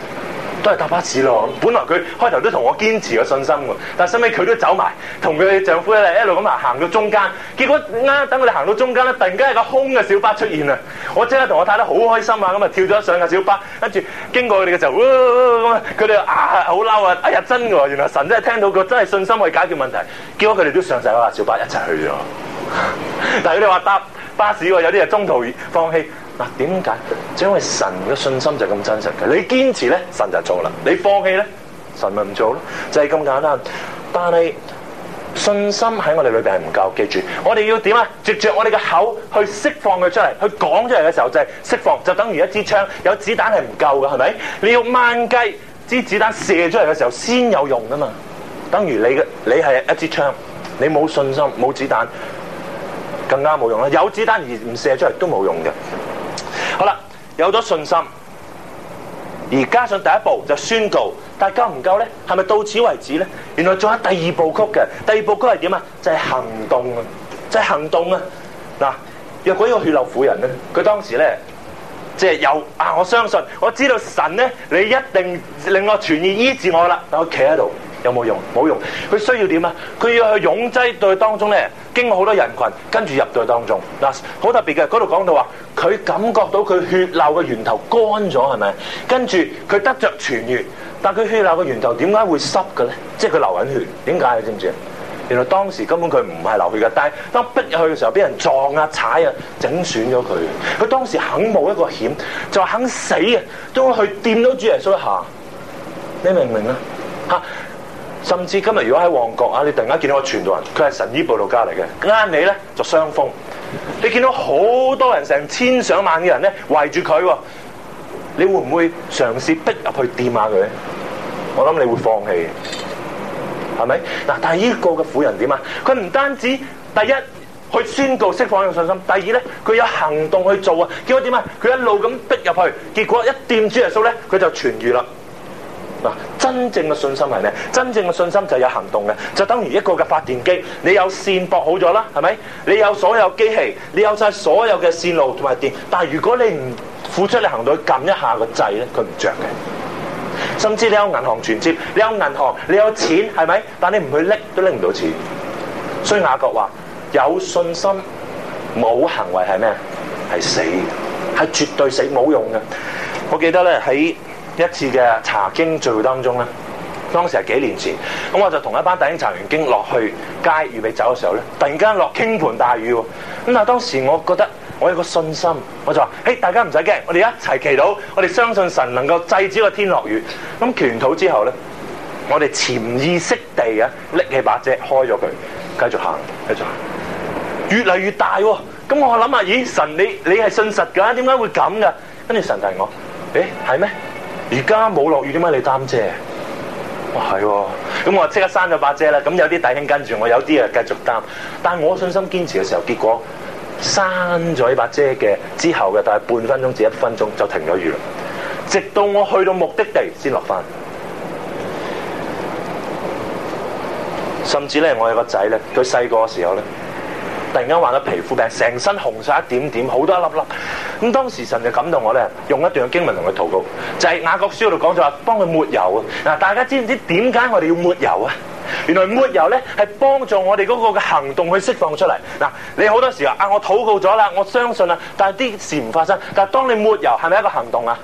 都係搭巴士咯。本來佢開頭都同我堅持個信心喎，但係收尾佢都走埋，同佢丈夫咧一路咁行行到中間。結果啱等佢哋行到中間咧，突然間有個空嘅小巴出現啊！我即刻同我太太好開心啊，咁啊跳咗上架小巴，跟住經過佢哋嘅時候，佢哋啊好嬲啊！哎呀、啊、真㗎，原來神真係聽到佢真係信心去解決問題。結果佢哋都上晒架小巴一齊去咗。但係佢哋話搭巴士喎，有啲係中途放棄。嗱，點解？就因為神嘅信心就係咁真實嘅。你堅持咧，神就做啦；你放棄咧，神咪唔做咯。就係咁簡單。但係信心喺我哋裏邊係唔夠，記住我們。着着我哋要點啊？藉住我哋嘅口去釋放佢出嚟，去講出嚟嘅時候就係釋放，就等於一支槍。有子彈係唔夠嘅，係咪？你要掹雞支子彈射出嚟嘅時候先有用噶嘛？等於你嘅，你係一支槍，你冇信心冇子彈，更加冇用啦。有子彈而唔射出嚟都冇用嘅。好啦，有咗信心，而加上第一步就宣告，但係夠唔夠呢？係咪到此為止呢？原來仲有第二步曲嘅。第二步曲係點啊？就是行動啊，就是行動啊！嗱，若果呢個血流婦人呢，佢當時呢，即係有啊，我相信，我知道神呢，你一定令我痊愈醫治我啦，但我企喺度。有冇用？冇用。佢需要點啊？佢要去擁擠隊當中咧，經過好多人群，跟住入隊當中嗱，好特別嘅。嗰度講到話，佢感覺到佢血流嘅源頭乾咗，係咪？跟住佢得着痊愈，但佢血流嘅源頭點解會濕嘅咧？即係佢流緊血，點解？你知唔知？原來當時根本佢唔係流血嘅，但係當逼入去嘅時候，俾人撞啊、踩啊、整損咗佢。佢當時肯冒一個險，就肯死啊，都去掂到主耶穌一下。你明唔明啊？吓！甚至今日如果喺旺角啊，你突然間見到個傳道人，佢係神醫佈道家嚟嘅，啱你咧就傷風。你見到好多人成千上萬嘅人咧圍住佢喎，你會唔會嘗試逼入去掂下佢咧？我諗你會放棄嘅，係咪？嗱，但係呢個嘅婦人點啊？佢唔單止第一去宣告釋放個信心，第二咧佢有行動去做啊。結果點啊？佢一路咁逼入去，結果一掂主耶穌咧，佢就痊愈啦。真正嘅信心係咩？真正嘅信心就係有行動嘅，就等於一個嘅發電機。你有線駁好咗啦，係咪？你有所有機器，你有晒所有嘅線路同埋電。但係如果你唔付出你行動去撳一下個掣咧，佢唔着嘅。甚至你有銀行存折，你有銀行，你有錢，係咪？但你唔去拎，都拎唔到錢。所以雅各話：有信心冇行為係咩？係死，係絕對死，冇用嘅。我記得咧喺。在一次嘅查經聚會當中咧，當時係幾年前，咁我就同一班弟兄查完經落去街，準備走嘅時候咧，突然間落傾盆大雨喎。咁但係當時我覺得我有個信心，我就話：誒大家唔使驚，我哋一齊祈禱，我哋相信神能夠制止個天落雨。咁祈完禱之後咧，我哋潛意識地啊拎起把遮開咗佢，繼續行，繼續行。越嚟越大喎，咁我諗下：「咦，神你你係信實㗎，點解會咁㗎？」跟住神提我，誒係咩？是而家冇落雨點解你擔遮？哇、哦、係，咁、哦、我即刻閂咗把遮啦。咁有啲弟兄跟住我，有啲啊繼續擔。但我信心堅持嘅時候，結果閂咗呢把遮嘅之後嘅，大概半分鐘至一分鐘就停咗雨啦。直到我去到目的地先落翻。甚至咧，我有個仔咧，佢細個嘅時候咧。突然間患咗皮膚病，成身紅晒一點點，好多一粒粒。咁當時神就感動我咧，用一段經文同佢禱告，就係雅各書度講咗話，幫佢抹油啊！嗱，大家知唔知點解我哋要抹油啊？原來抹油咧係幫助我哋嗰個嘅行動去釋放出嚟。嗱，你好多時候啊，我禱告咗啦，我相信啊，但係啲事唔發生。但係當你抹油，係咪一個行動啊？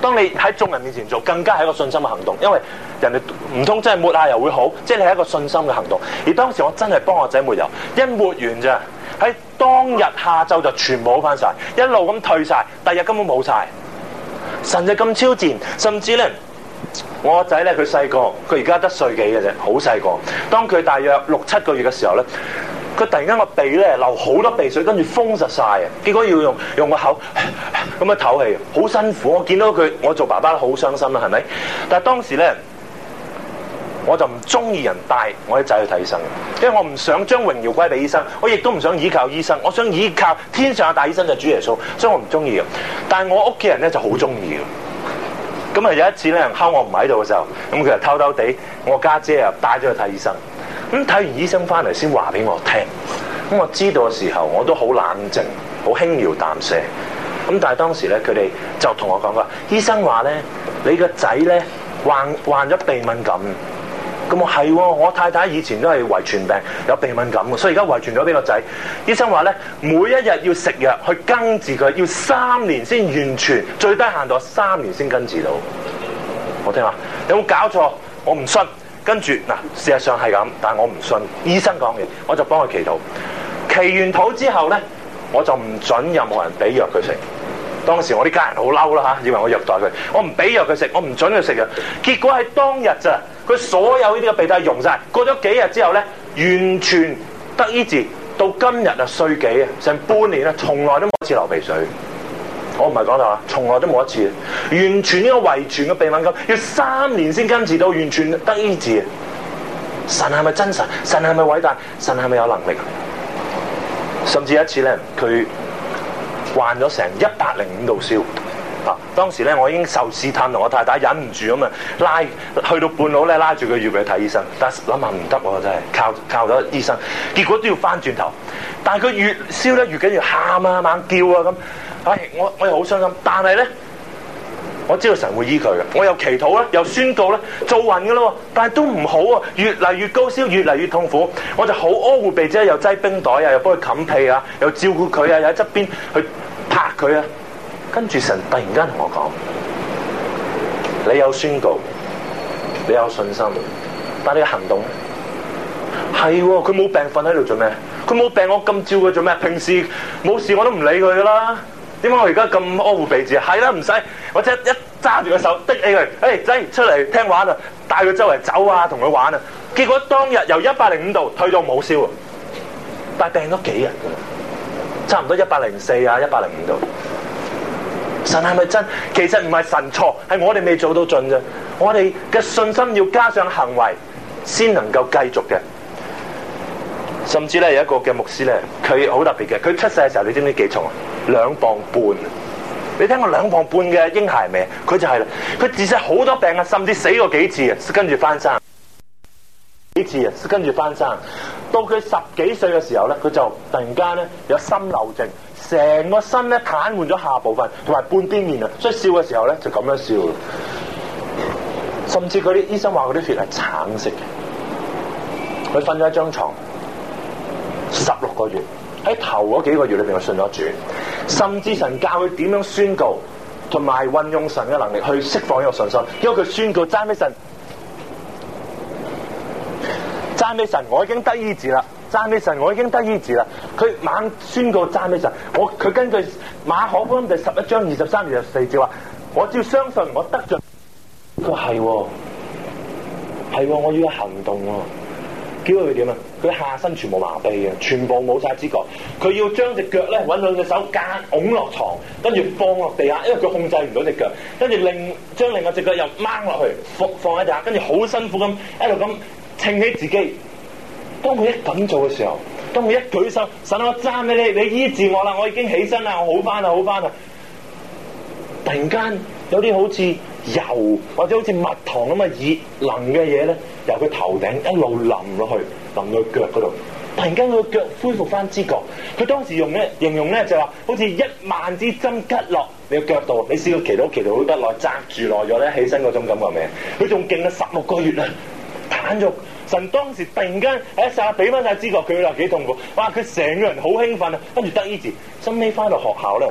當你喺眾人面前做，更加係一個信心嘅行動，因為人哋唔通真係抹下油會好，即係你係一個信心嘅行動。而當時我真係幫我仔抹油，一抹完咋，喺當日下晝就全部好翻晒，一路咁退晒，第日根本冇晒。神就咁超自然，甚至咧，我個仔咧佢細個，佢而家得歲幾嘅啫，好細個。當佢大約六七個月嘅時候咧。佢突然間個鼻咧流好多鼻水，跟住封實晒，結果要用用個口咁樣唞氣，好辛苦。我見到佢，我做爸爸都好傷心啦，係咪？但係當時咧，我就唔中意人帶我啲仔去睇醫生，因為我唔想將榮耀歸俾醫生，我亦都唔想依靠醫生，我想依靠天上嘅大醫生就主耶穌，所以我唔中意嘅。但係我屋企人咧就好中意嘅。咁啊有一次咧，敲我唔喺度嘅時候，咁佢就偷偷地我家姐啊帶咗去睇醫生。咁睇完醫生翻嚟先話俾我聽，咁我知道嘅時候，我都好冷靜，好輕描淡寫。咁但係當時咧，佢哋就同我講過，醫生話咧，你個仔咧患患咗鼻敏感。咁我係喎、哦，我太太以前都係遺傳病，有鼻敏感嘅，所以而家遺傳咗俾個仔。醫生話咧，每一日要食藥去根治佢，要三年先完全，最低限度三年先根治到。我聽話，有冇搞錯？我唔信。跟住嗱，事實上係咁，但我唔信醫生講嘅，我就幫佢祈禱。祈完禱之後呢，我就唔准任何人俾藥佢食。當時我啲家人好嬲啦嚇，以為我虐待佢，我唔俾藥佢食，我唔準佢食藥。結果係當日啊，佢所有呢啲嘅鼻都係溶晒。過咗幾日之後呢，完全得醫治，到今日啊，衰幾啊，成半年啦，從來都冇次流鼻水。我唔係講到啊，從來都冇一次，完全呢個遺傳嘅鼻敏感，要三年先根治到，完全得醫治。神係咪真神？神係咪偉大？神係咪有能力？甚至一次呢，佢患咗成一百零五度燒。嗱，當時咧，我已經受試探同我太太忍唔住咁啊，拉去到半路咧，拉住佢要佢睇醫生，但諗下唔得喎，真係靠靠咗醫生，結果都要翻轉頭，但係佢越燒咧越緊要喊啊猛叫啊咁，唉、哎，我我又好傷心，但係咧，我知道神會醫佢嘅，我又祈禱咧，又宣告咧，做勻㗎咯，但係都唔好啊，越嚟越高燒，越嚟越痛苦，我就好呵護鼻啫，又擠冰袋啊，又幫佢冚被啊，又照顧佢啊，又喺側邊去拍佢啊。跟住神突然間同我講：你有宣告，你有信心，但你嘅行動係，佢冇病瞓喺度做咩？佢冇病，我咁照顧佢做咩？平時冇事我都唔理佢啦。點解我而家咁呵護備至？係係啦，唔使，我即刻一揸住個手，滴起佢，誒、欸，係，出嚟聽話啊，帶佢周圍走啊，同佢玩啊。結果當日由一百零五度退到冇燒，但係病咗幾日噶，差唔多一百零四啊，一百零五度。神係咪真？其實唔係神錯，係我哋未做到盡啫。我哋嘅信心要加上行為，先能夠繼續嘅。甚至咧有一個嘅牧師咧，佢好特別嘅。佢出世嘅時候，你知唔知幾重啊？兩磅半。你聽過兩磅半嘅嬰孩未？佢就係啦。佢自細好多病啊，甚至死過幾次啊，跟住翻生。幾次啊？跟住翻生。到佢十幾歲嘅時候咧，佢就突然間咧有心漏症。成個身咧癱瘓咗下部分，同埋半邊面啊！所以笑嘅時候咧就咁樣笑。甚至佢啲醫生話佢啲血係橙色嘅。佢瞓咗一張床十六個月，喺頭嗰幾個月裏邊我信咗主。甚至神教佢點樣宣告同埋運用神嘅能力去釋放呢個信心，因為佢宣告讚美神，讚美神，我已經得醫治啦。讚美神，我已經得醫治啦。佢猛宣告，讚美神。我佢根據馬可福音第十一章二十三至二十四節話，我只要相信我得着。佢話，係，係，我要行動。結果佢點啊？佢下身全部麻痹啊，全部冇晒知覺。佢要將隻腳咧揾兩隻手夾拱落床，跟住放落地下，因為佢控制唔到隻腳。跟住另將另外隻腳又掹落去放放喺地下，跟住好辛苦咁一路咁撐起自己。當佢一咁做嘅時候，當佢一舉手，神，我爭俾你，你醫治我啦，我已經起身啦，我好翻啦，好翻啦。突然間有啲好似油或者好似蜜糖咁嘅熱能嘅嘢咧，由佢頭頂一路淋落去，淋到腳嗰度。突然間佢腳恢復翻知覺，佢當時用咩形容咧就話、是，好似一萬支針拮落你個腳度，你試過祈禱祈禱好得耐，扎住耐咗咧，起身嗰種感覺未？佢仲勁咗十六個月啊，癱咗。神當時突然間一霎俾翻曬知覺，佢話幾痛苦，哇！佢成個人好興奮啊，跟住得醫治，收尾翻到學校咧，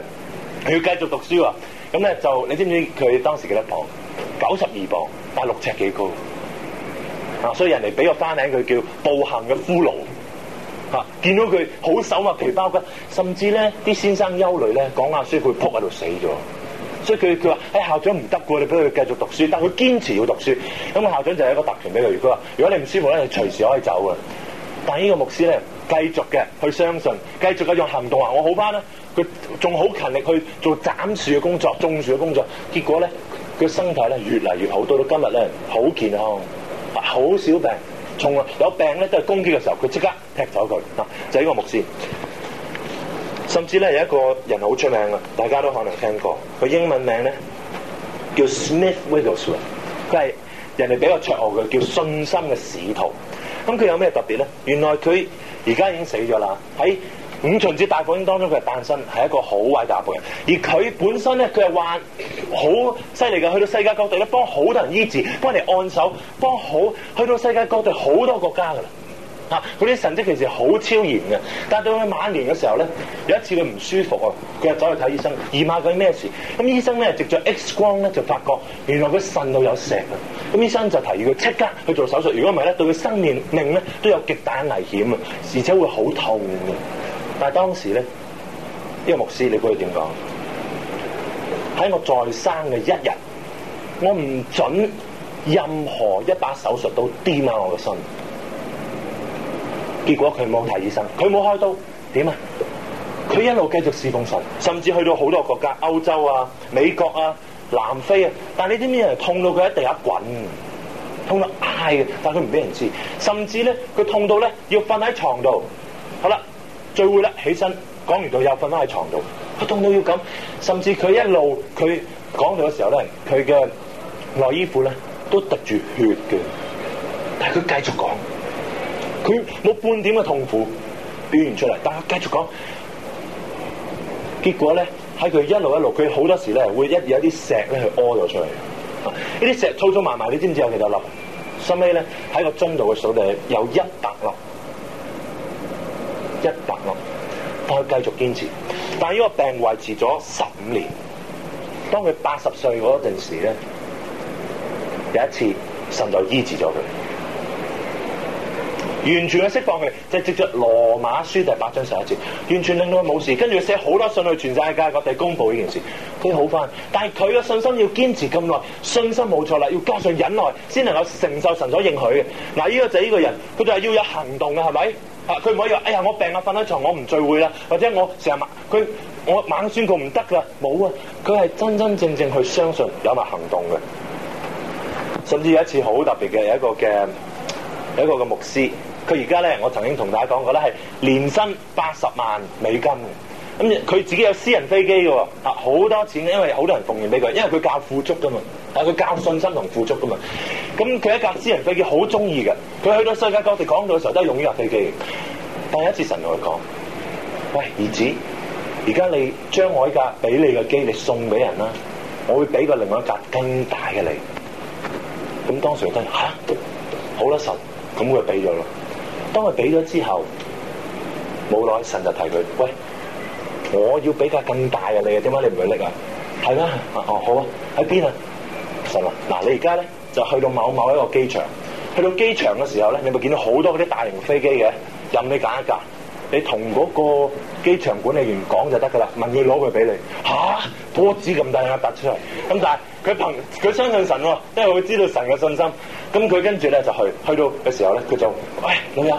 佢要繼續讀書喎。咁咧就你知唔知佢當時幾多磅？九十二磅，但六尺幾高啊！所以人哋俾個花名佢叫步行嘅俘虜嚇，見到佢好手握皮包骨，甚至咧啲先生憂慮咧，講下書，佢撲喺度死咗。所以佢佢話，誒、欸、校長唔得過，你俾佢繼續讀書。但佢堅持要讀書，咁個校長就係一個特權俾佢。佢話如果你唔舒服咧，你隨時可以走嘅。但呢個牧師咧，繼續嘅去相信，繼續嘅用行動話我好翻啦。佢仲好勤力去做斬樹嘅工作、種樹嘅工作。結果咧，佢身體咧越嚟越好，到到今日咧好健康，好少病，從來有病咧都係攻擊嘅時候，佢即刻踢走佢。嗱，就係呢個牧師。甚至咧有一個人好出名嘅，大家都可能聽過，佢英文名咧叫 Smith Wigglesworth，佢係人哋比較卓傲嘅，叫信心嘅使徒。咁佢有咩特別咧？原來佢而家已經死咗啦。喺五旬節大火中當中佢係誕生，係一個好偉大嘅人。而佢本身咧佢係患好犀利嘅，去到世界各地咧幫好多人醫治，幫你按手，幫好去到世界各地好多國家嘅啦。嚇！佢啲神蹟其實好超然嘅，但到佢晚年嘅時候咧，有一次佢唔舒服啊，佢就走去睇醫生，而問佢咩事？咁醫生咧藉著 X 光咧就發覺，原來佢腎度有石啊！咁醫生就提議佢即刻去做手術，如果唔係咧，對佢生命命咧都有極大嘅危險啊，而且會好痛嘅。但係當時咧，呢個牧師，你估佢點講？喺我再生嘅一日，我唔准任何一把手術刀掂到我嘅身。結果佢冇睇醫生，佢冇開刀，點啊？佢一路繼續侍奉神，甚至去到好多國家，歐洲啊、美國啊、南非啊。但係你知唔知人痛到佢喺地下滾，痛到嗌嘅，但係佢唔俾人知道。甚至咧，佢痛到咧要瞓喺床度。好啦，聚會啦，起身講完佢又瞓翻喺床度。佢痛到要咁，甚至佢一路佢講到嘅時候咧，佢嘅內衣褲咧都揼住血嘅，但係佢繼續講。佢冇半點嘅痛苦表現出嚟，但係繼續講，結果咧喺佢一路一路，佢好多時咧會有一有啲石咧去屙咗出嚟。呢啲石粗粗埋埋，你知唔知有幾多粒？收尾咧喺個樽度嘅數定有一百粒，一百粒。佢繼續堅持，但係呢個病維持咗十五年。當佢八十歲嗰陣時咧，有一次神就醫治咗佢。完全去釋放佢，就係藉著羅馬書第八章十一節，完全令到佢冇事。跟住寫好多信去全世界各地公佈呢件事，佢好翻。但係佢嘅信心要堅持咁耐，信心冇錯啦，要加上忍耐，先能夠承受神所應許嘅。嗱，呢個就係呢個人，佢就係要有行動嘅，係咪？啊，佢唔可以話：哎呀，我病啊，瞓喺床，我唔聚會啦，或者我成日猛佢我猛宣告唔得㗎，冇啊！佢係真真正正去相信有埋行動嘅。甚至有一次好特別嘅，有一個嘅有一個嘅牧師。佢而家咧，我曾經同大家講過咧，係年薪八十萬美金。咁佢自己有私人飛機嘅喎，好多錢，因為好多人奉獻俾佢，因為佢教富足嘅嘛，但係佢教信心同富足嘅嘛。咁佢一架私人飛機好中意嘅，佢去到世界各地講道嘅時候都係用呢架飛機嘅。但係一次神同佢講：喂，兒子，而家你將我呢架俾你嘅機，你送俾人啦，我會俾個另外一架更大嘅你。咁當時我真係嚇，好啦神，咁佢就俾咗咯。當佢俾咗之後，冇耐神就提佢：，喂，我要俾架更大嘅，啊、你，點解你唔去拎啊？係咩？啊？哦，好啊，喺邊啊？神話，嗱，你而家咧就去到某某一個機場，去到機場嘅時候咧，你咪見到好多嗰啲大型飛機嘅，任你揀一架，你同嗰個機場管理員講就得噶啦，問佢攞佢俾你，嚇、啊，波子咁大一，啊、突出嚟，咁但係佢憑佢相信神喎，因為佢知道神嘅信心。咁佢跟住咧就去，去到嘅時候咧佢就：，喂，老友，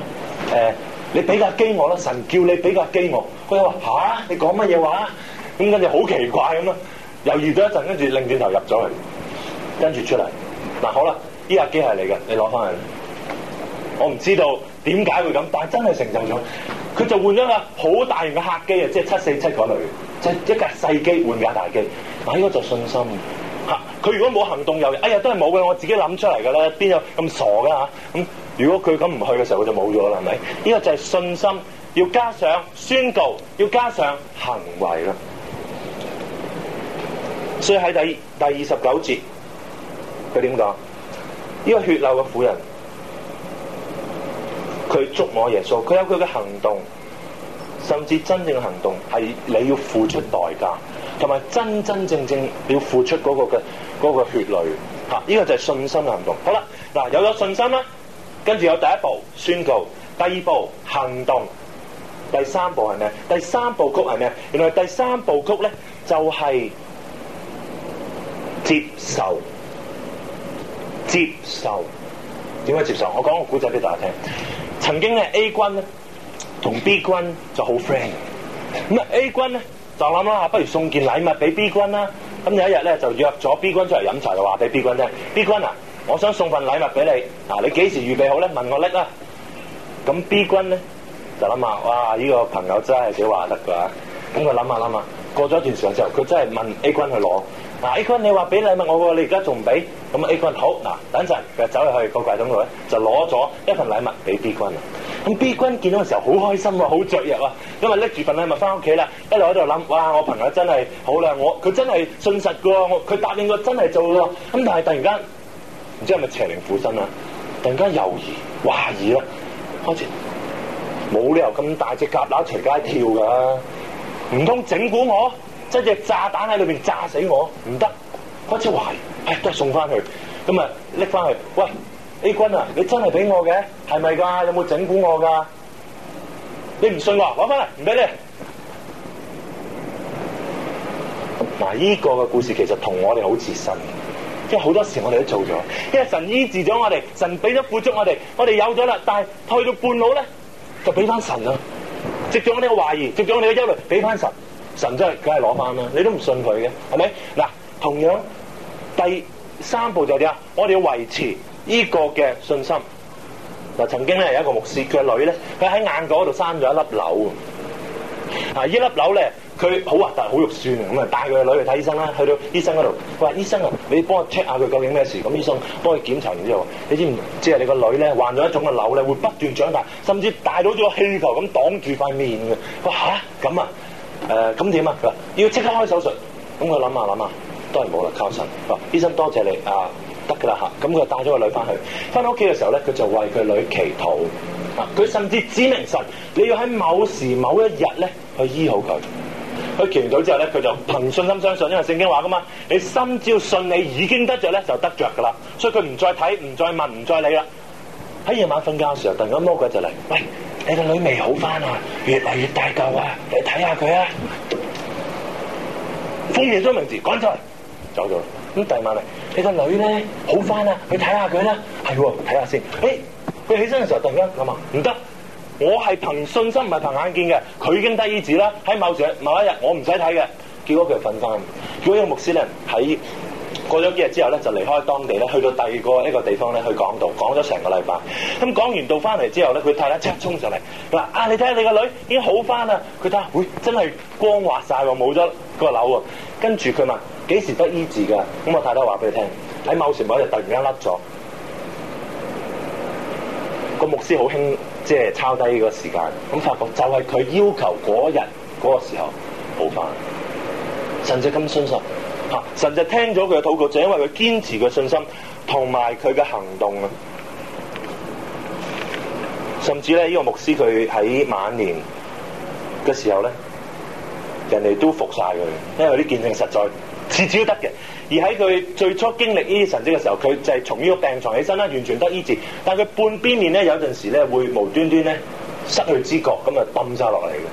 呃，你俾架機我啦，神叫你俾架機我。佢話：吓，你講乜嘢話？咁跟住好奇怪咁咯，猶豫咗一陣，跟住擰轉頭入咗去，跟住出嚟。嗱，好啦，呢架機係你嘅，你攞翻去。我唔知道點解會咁，但係真係成就咗。佢就換咗架好大型嘅客機啊，即係七四七嗰類，即係一架細機換架大機。嗱，呢個就信心。佢如果冇行動，又哎呀都係冇嘅，我自己諗出嚟噶啦，邊有咁傻噶嚇、啊？咁如果佢咁唔去嘅時候，佢就冇咗啦，係咪？呢個就係信心，要加上宣告，要加上行為啦。所以喺第第二十九節，佢點講？呢個血流嘅婦人，佢捉摸耶穌，佢有佢嘅行動，甚至真正嘅行動係你要付出代價，同埋真真正正要付出嗰個嘅。嗰個血淚嚇，呢個就係信心行動。好啦，嗱，啊，有咗信心啦，跟住有第一步宣告，第二步行動，第三步係咩？第三步曲係咩？原來第三步曲咧就係接受，接受，點解接受？我講個古仔俾大家聽。曾經咧 A 君咧同 B 君就好 friend，咁啊 A 君咧就諗啦，不如送件禮物俾 B 君啦。咁有一日咧，就約咗 B 君出嚟飲茶，就話俾 B 君聽：B 君啊，我想送份禮物俾你，嗱、啊，你幾時預備好咧？問我拎啦。咁、啊、B 君咧就諗下，哇！呢個朋友真係少話得㗎。咁佢諗下諗下，過咗一段時間之後，佢真係問 A 君去攞。嗱，A 君你話俾禮物我喎，你而家仲唔俾？咁 A 君好嗱、啊，等陣佢走入去個櫃桶度咧，就攞咗一份禮物俾 B 君。咁 B 君見到嘅時候好開心喎，好雀躍啊，因為拎住份禮物翻屋企啦，一路喺度諗，哇！我朋友真係好啦，我佢真係信實㗎！我喎，佢答應過，真係做㗎！喎，咁但係突然間唔知係咪邪靈附身啦、啊，突然間猶豫懷疑囉。開始冇理由咁大隻蛤乸隨街跳噶、啊，唔通整蠱我，即係炸彈喺裏面炸死我，唔得，開始懷疑，唉，都係送翻去，咁啊拎翻去，喂。A 君啊，你真係俾我嘅，係咪噶？有冇整蠱我噶？你唔信我，攞翻嚟，唔俾你。嗱，依個嘅故事其實同我哋好似神，即係好多時我哋都做咗，因為神醫治咗我哋，神俾咗富足我哋，我哋有咗啦。但係退到半路咧，就俾翻神啦，藉住我哋嘅懷疑，藉住我哋嘅憂慮，俾翻神，神真係梗係攞翻啦。你都唔信佢嘅，係咪？嗱，同樣第三步就點啊？我哋要維持。依、這個嘅信心嗱，曾經咧有一個牧師嘅女咧，佢喺眼角嗰度生咗一粒瘤啊！啊，依粒瘤咧，佢好核突，好肉酸啊！咁啊，帶佢嘅女去睇醫生啦，去到醫生嗰度，佢話：醫生啊，你幫我 check 下佢究竟咩事？咁醫生幫佢檢查完之後，你知唔知啊？你個女咧患咗一種嘅瘤咧，會不斷長大，甚至大到咗氣球咁擋住塊面嘅。話吓？咁啊，誒咁點啊？佢話要即刻開手術。咁佢諗下諗下，都係冇啦，靠神！話醫生多謝你啊！呃得噶啦，吓，咁佢帶咗個女翻去，翻到屋企嘅時候咧，佢就為佢女祈禱，啊，佢甚至指名神，你要喺某時某一日咧去醫好佢。佢祈完禱之後咧，佢就憑信心相信，因為聖經話噶嘛，你心照信，你已經得着咧就得著噶啦。所以佢唔再睇，唔再問，唔再理啦。喺夜晚瞓覺嘅時候，突然間魔鬼就嚟，喂，你個女未好翻啊？越嚟越大嚿啊！你睇下佢啊！封起咗名字，趕走，走咗。咁第二晚嚟。你個女咧好翻啦，去睇下佢啦。係喎，睇下先。誒、欸，佢起身嘅時候突然間諗下，唔得，我係憑信心唔係憑眼見嘅。佢已經得醫治啦，喺某時某一日，我唔使睇嘅。結果佢又瞓翻。結果呢個牧師咧喺過咗幾日之後咧，就離開當地咧，去到第二個呢個地方咧去講道，講咗成個禮拜。咁講完道翻嚟之後咧，佢太太即刻衝上嚟，佢話：啊，你睇下你個女已經好翻啦。佢睇下，會、哎、真係光滑晒喎，冇咗個瘤喎。跟住佢問。幾時得醫治㗎？咁我太太話俾你聽，喺某時某一日，突然間甩咗，個牧師好興，即係抄低呢個時間。咁發覺就係佢要求嗰日嗰個時候好翻。甚至咁信心，嚇！甚至聽咗佢嘅禱告，就因為佢堅持嘅信心同埋佢嘅行動啊。甚至咧，呢個牧師佢喺晚年嘅時候咧，人哋都服晒佢，因為啲見證實在。次次都得嘅，而喺佢最初經歷呢啲神跡嘅時候，佢就係從呢個病床起身啦，完全得醫治。但佢半邊面咧有陣時咧會無端端咧失去知覺，咁啊冚晒落嚟嘅。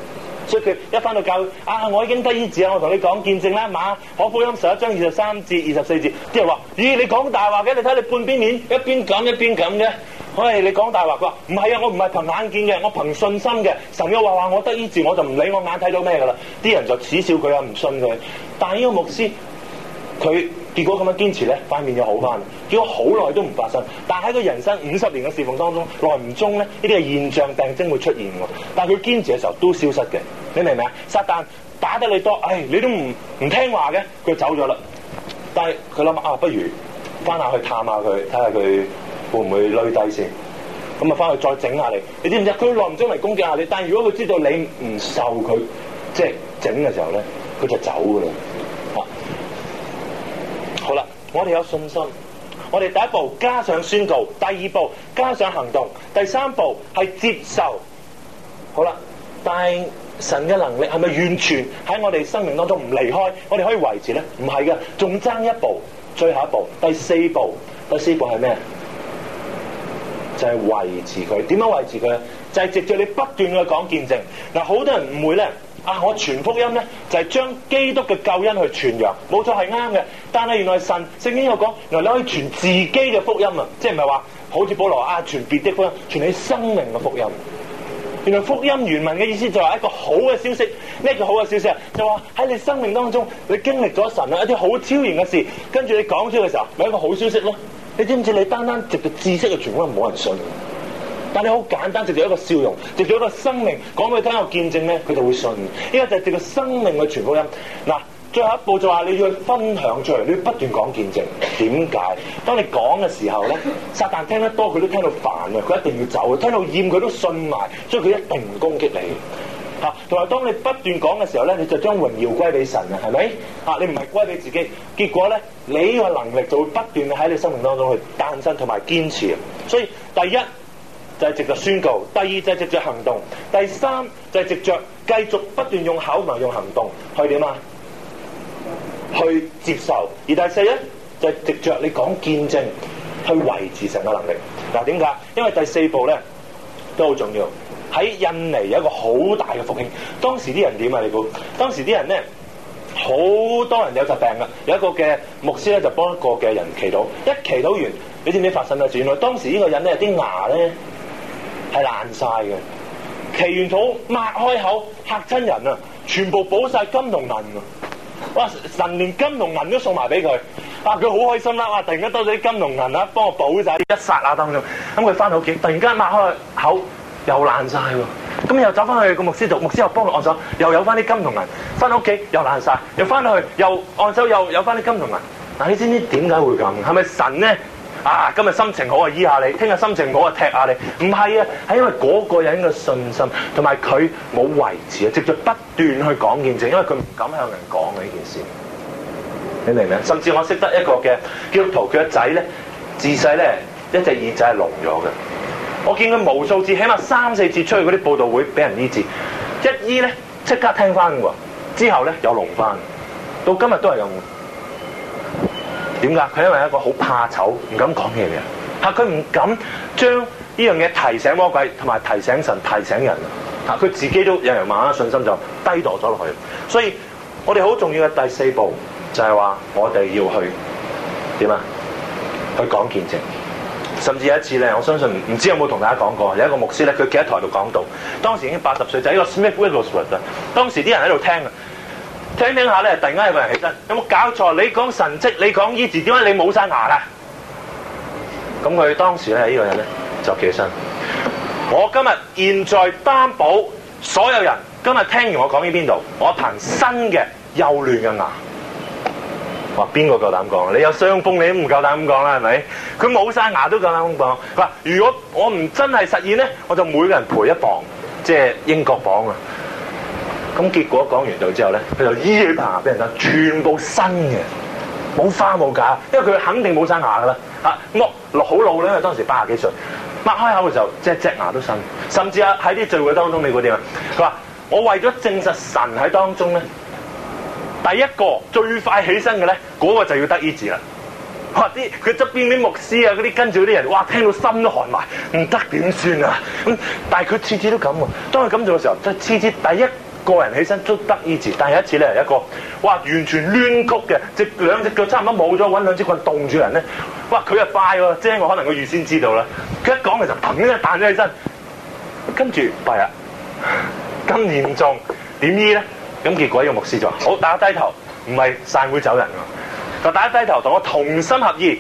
所以佢一翻到教，啊我已經得醫治啊！我同你講見證啦，馬可福音十一章二十三至二十四節，啲人話：咦你講大話嘅？你睇你，你半邊面一邊咁一邊咁嘅。喂、哎、你講大話佢話，唔係啊！我唔係憑眼見嘅，我憑信心嘅。神又話話我得醫治，我就唔理我眼睇到咩嘅啦。啲人就恥笑佢啊，唔信佢。但係呢個牧師，佢結果咁樣堅持咧，塊面就好翻，結果好耐都唔發生。但係喺佢人生五十年嘅侍奉當中，耐唔中咧呢啲嘅現象病徵會出現。我但係佢堅持嘅時候都消失嘅，你明唔明啊？撒旦打得你多，唉，你都唔唔聽話嘅，佢走咗啦。但係佢諗啊，不如翻下去探下佢，睇下佢會唔會累低先。咁啊，翻去再整下你。你知唔知？佢耐唔中嚟攻擊下你，但係如果佢知道你唔受佢即係整嘅時候咧。佢就走噶啦，啊，好啦，我哋有信心，我哋第一步加上宣告，第二步加上行動，第三步係接受，好啦，但係神嘅能力係咪完全喺我哋生命當中唔離開？我哋可以維持咧？唔係嘅，仲爭一步，最後一步，第四步，第四步係咩？就係、是、維持佢，點樣維持佢？就係、是、藉着你不斷去講見證，嗱、啊，好多人唔會咧。啊！我傳福音呢，就係、是、將基督嘅救恩去傳揚，冇錯係啱嘅。但係原來神聖經有講，原來你可以傳自己嘅福音啊！即係唔係話好似保羅啊，傳別的福音，傳你生命嘅福音。原來福音原文嘅意思就係一個好嘅消息，咩、這、叫、個、好嘅消息啊？就話喺你生命當中，你經歷咗神啊一啲好超然嘅事，跟住你講出嘅時候，咪、就是、一個好消息咯！你知唔知你單單直接知識嘅傳福，冇人信？但你好簡單，直接一個笑容，直接一個生命講俾佢聽有見證咧，佢就會信。呢個就係直接生命嘅傳福音。嗱，最後一步就話你要去分享出嚟，你要不斷講見證。點解？當你講嘅時候咧，撒旦聽得多，佢都聽到煩啊，佢一定要走。聽到厭，佢都信埋，所以佢一定唔攻擊你。嚇，同埋當你不斷講嘅時候咧，你就將榮耀歸俾神啊，係咪？嚇，你唔係歸俾自己。結果咧，你呢個能力就會不斷喺你生命當中去誕生同埋堅持。所以第一，就係、是、藉著宣告，第二就係藉著行動，第三就係藉著繼續不斷用口埋用行動去點啊？去接受，而第四咧就係、是、藉著你講見證去維持成個能力。嗱，點解？因為第四步咧都好重要。喺印尼有一個好大嘅復興，當時啲人點啊？你估？當時啲人咧好多人有疾病噶，有一個嘅牧師咧就幫一個嘅人祈禱，一祈禱完，你知唔知發生咩事？就原來當時呢個人咧有啲牙咧～係爛晒嘅，祈完禱擘開口嚇親人啊！全部補晒金同銀啊！哇！神連金同銀都送埋俾佢，哇！佢好開心啦！哇！突然間多咗啲金同銀啦，幫我補晒，一剎那當中，咁佢翻到屋企，突然間擘開口又爛晒喎！咁又走翻去個牧師度，牧師又幫我按手，又有翻啲金同銀，翻到屋企又爛晒，又翻到去又按手又有翻啲金同銀，嗱，你知唔知點解會咁？係咪神咧？啊！今日心情好啊，醫下你；聽日心情好啊，踢下你。唔係啊，係因為嗰個人嘅信心同埋佢冇維持啊，直接不斷去講見證，因為佢唔敢向人講嘅呢件事。你明唔明？甚至我識得一個嘅基督徒，佢個仔咧自細咧一隻耳仔係聾咗嘅。我見佢無數次，起碼三四次出去嗰啲報道會俾人醫治，一醫咧即刻聽翻㗎喎。之後咧又聾翻，到今日都係用。點解？佢因為他一個好怕醜，唔敢講嘢嘅，嚇佢唔敢將呢樣嘢提醒魔鬼，同埋提醒神，提醒人啊！佢自己都有人慢慢信心就低墮咗落了去。所以我哋好重要嘅第四步就係話，我哋要去點啊？去講見證，甚至有一次咧，我相信唔知道有冇同大家講過，有一個牧師咧，佢企喺台度講到：「當時已經八十歲，就係、是、一個咩 Smith Wigglesworth。當時啲人喺度聽啊！聽聽下咧，突然間有個人起身，有冇搞錯？你講神蹟，你講醫治，點解你冇晒牙啦？咁佢當時咧，呢個人咧就企起身。我今日現在擔保所有人，今日聽完我講呢邊度，我憑新嘅幼嫩嘅牙。哇！邊個夠膽講？你有傷風，你都唔夠膽咁講啦，係咪？佢冇晒牙都夠膽講。嗱，如果我唔真係實現咧，我就每個人賠一磅，即係英國磅啊！咁結果講完到之後咧，佢就醫起棚牙俾人得，全部新嘅，冇花冇假，因為佢肯定冇生牙噶啦嚇。剝落好老啦，因為當時八十幾歲，擘開口嘅時候，即係隻牙都新。甚至啊喺啲聚會當中，你估點啊？佢話：我為咗證實神喺當中咧，第一個最快起身嘅咧，嗰、嗰個就要得醫治啦。啲佢側邊啲牧師啊，嗰啲跟住啲人，哇！聽到心都寒埋，唔得點算啊？咁但係佢次次都咁喎。當佢咁做嘅時候，即係次次第一。個人起身都得醫治，但係有一次咧，有一個，哇，完全攣曲嘅，隻兩隻腳差唔多冇咗，搵兩隻棍棟住人咧，哇，佢就快喎，即係我可能佢預先知道啦，佢一講其就砰一彈，彈起身，跟住係啊咁嚴重點醫咧？咁結果個牧師就話：好，大家低頭，唔係散會走人㗎，就大家低頭同我同心合意，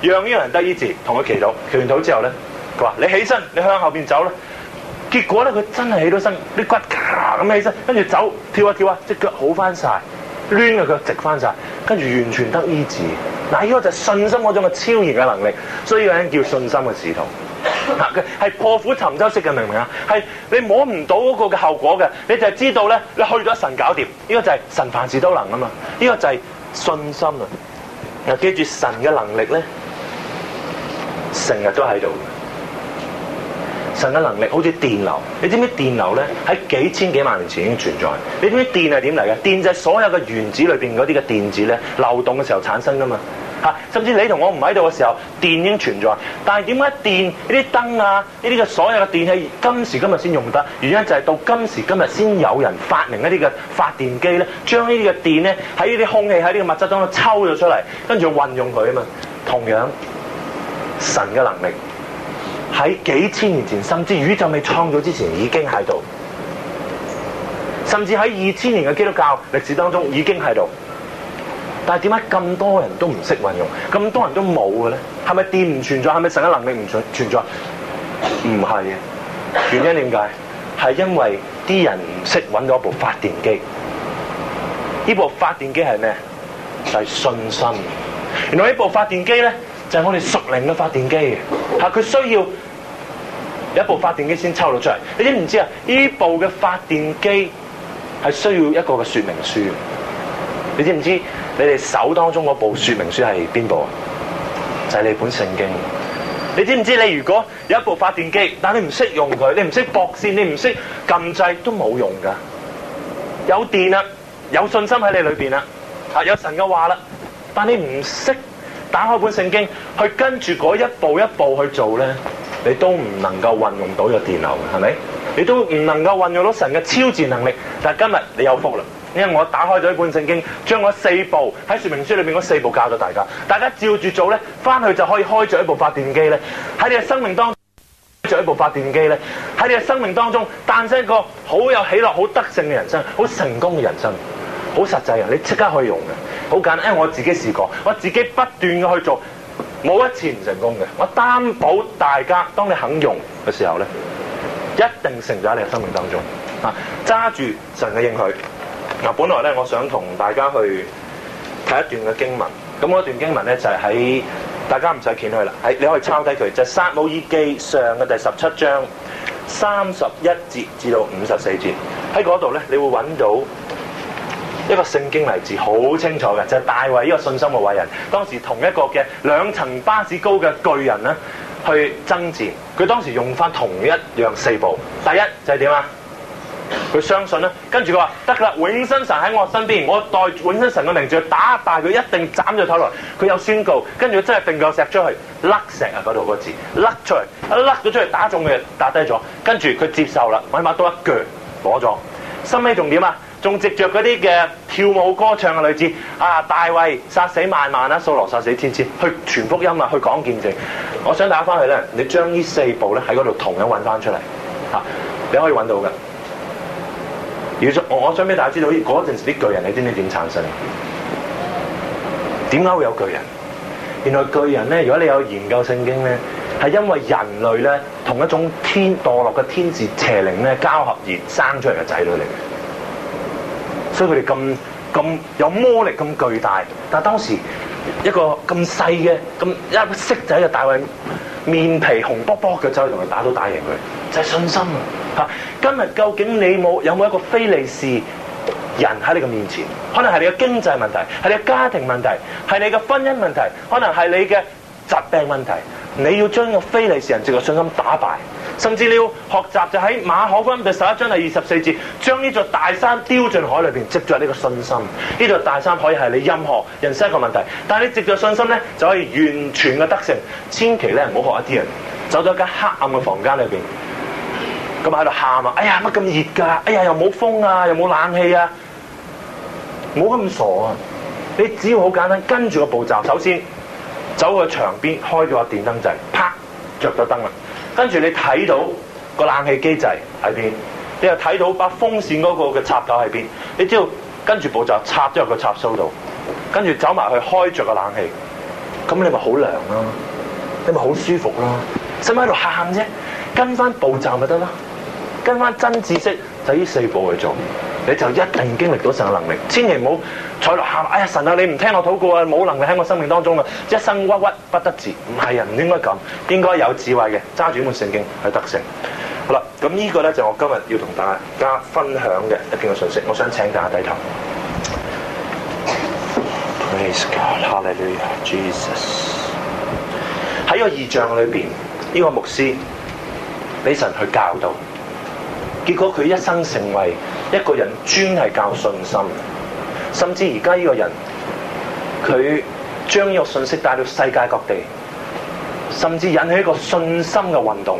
讓呢個人得醫治，同佢祈禱，祈完禱之後咧，佢話：你起身，你向後面走啦。結果咧，佢真係起咗身，啲骨咔咁起身，跟住走跳啊跳啊，隻腳好翻晒，攣嘅腳直翻晒，跟住完全得醫治。嗱，呢個就係信心嗰種嘅超然嘅能力，所以有人叫信心嘅使徒。嗱，佢係破釜沉舟式嘅，明唔明啊？係你摸唔到嗰個嘅效果嘅，你就係知道咧，你去咗神搞掂。呢個就係神凡事都能啊嘛，呢個就係信心啊。嗱，記住神嘅能力咧，成日都喺度。神嘅能力好似電流，你知唔知電流咧喺幾千幾萬年前已經存在？你知唔知電係點嚟嘅？電就係所有嘅原子裏邊嗰啲嘅電子咧流動嘅時候產生噶嘛？嚇，甚至你同我唔喺度嘅時候，電已經存在。但係點解電呢啲燈啊，呢啲嘅所有嘅電器今時今日先用得？原因就係到今時今日先有人發明一啲嘅發電機咧，將呢啲嘅電咧喺呢啲空氣，喺呢個物質當中咧抽咗出嚟，跟住運用佢啊嘛。同樣神嘅能力。喺幾千年前，甚至宇宙未創造之前，已經喺度。甚至喺二千年嘅基督教歷史當中，已經喺度。但係點解咁多人都唔識運用，咁多人都冇嘅呢？係咪電唔存在？係咪神嘅能力唔存在？唔係嘅，原因點解？係因為啲人唔識揾到一部發電機。呢部發電機係咩？就係信心。原來呢部發電機咧。就係、是、我哋熟齡嘅發電機吓，佢需要有一部發電機先抽到出嚟。你知唔知啊？呢部嘅發電機係需要一個嘅說明書你，你知唔知？你哋手當中嗰部說明書係邊部啊？就係、是、你本聖經。你知唔知？你如果有一部發電機，但你唔識用佢，你唔識駁線，你唔識撳掣，都冇用噶。有電啦，有信心喺你裏邊啦，吓有神嘅話啦，但你唔識。打開本聖經，去跟住嗰一步一步去做呢，你都唔能夠運用到個電腦，係咪？你都唔能夠運用到神嘅超自然能力。但係今日你有福啦，因為我打開咗一本聖經，將嗰四步喺說明書裏面嗰四步教咗大家，大家照住做呢，翻去就可以開著一部發電機呢。喺你嘅生命當中開著一部發電機呢，喺你嘅生命當中誕生一個好有喜樂、好得勝嘅人生，好成功嘅人生。好實際啊！你即刻可以用嘅，好簡單。因為我自己試過，我自己不斷嘅去做，冇一次唔成功嘅。我擔保大家，當你肯用嘅時候咧，一定成就喺你嘅生命當中啊！揸住神嘅應許嗱，本來咧，我想同大家去睇一段嘅經文。咁段經文咧就係喺大家唔使見佢啦，喺你可以抄低佢，就係撒母耳記上嘅第十七章三十一節至到五十四節喺嗰度咧，你會揾到。一個聖經例子好清楚嘅，就係、是、大衛呢個信心嘅偉人，當時同一個嘅兩層巴士高嘅巨人咧，去爭戰。佢當時用翻同一樣四步，第一就係點啊？佢相信啦，跟住佢話：得啦，永生神喺我身邊，我代永生神嘅名字去打敗佢，一定斬咗頭落。佢有宣告，跟住佢真係掟個石出去，甩石啊！嗰度個字甩出嚟，一甩咗出嚟，打中佢，打低咗。跟住佢接受啦，起碼都一腳攞咗。後尾仲點啊！仲藉着嗰啲嘅跳舞歌唱嘅女子，啊，大衛殺死萬萬啊，掃羅殺死千千，去傳福音啊，去講見證。我想大家翻去咧，你將呢四步咧喺嗰度同樣揾翻出嚟吓，你可以揾到嘅。如我我想俾大家知道，嗰陣時啲巨人你知唔知點產生？點解會有巨人？原來巨人咧，如果你有研究聖經咧，係因為人類咧同一種天墮落嘅天使邪靈咧交合而生出嚟嘅仔女嚟。所以佢哋咁咁有魔力咁巨大，但係當時一個咁細嘅咁一個色仔嘅大衛面皮紅卜卜嘅走去同佢打都打贏佢，就係、就是、信心啊！吓今日究竟你冇有冇一個非利士人喺你嘅面前？可能係你嘅經濟問題，係你嘅家庭問題，係你嘅婚姻問題，可能係你嘅疾病問題。你要將個非利士人藉個信心打敗，甚至你要學習就喺馬可福音第十一章第二十四節，將呢座大山丟進海裏邊，藉著呢個信心，呢座大山可以係你任何人生一個問題，但係你藉著信心咧，就可以完全嘅得勝。千祈咧唔好學一啲人走咗間黑暗嘅房間裏面，咁喺度喊啊！哎呀乜咁熱㗎！哎呀又冇風啊，又冇冷氣啊！冇咁傻啊！你只要好簡單跟住個步驟，首先。走去牆邊，開咗個電燈掣，啪着咗燈啦。跟住你睇到個冷氣機掣喺邊，你又睇到那把風扇嗰個嘅插頭喺邊，你只要跟住步驟插咗入個插蘇度，跟住走埋去開着個冷氣，咁你咪好涼咯，你咪好舒服咯。使乜喺度喊啫？跟返步驟咪得咯，跟返真知識。就依四步去做，你就一定經歷到神嘅能力。千祈唔好坐落喊，哎呀神啊，你唔聽我禱告啊，冇能力喺我生命當中啊，一生鬱鬱不得志。唔係人唔應該咁，應該有智慧嘅，揸住一本聖經去得勝。好啦，咁呢個咧就是，我今日要同大家分享嘅一片嘅信息。我想請大家低頭。Praise God, Hallelujah, Jesus。喺個異象裏邊，呢、這個牧師俾神去教導。結果佢一生成為一個人專係教信心，甚至而家呢個人佢將呢個信息帶到世界各地，甚至引起一個信心嘅運動。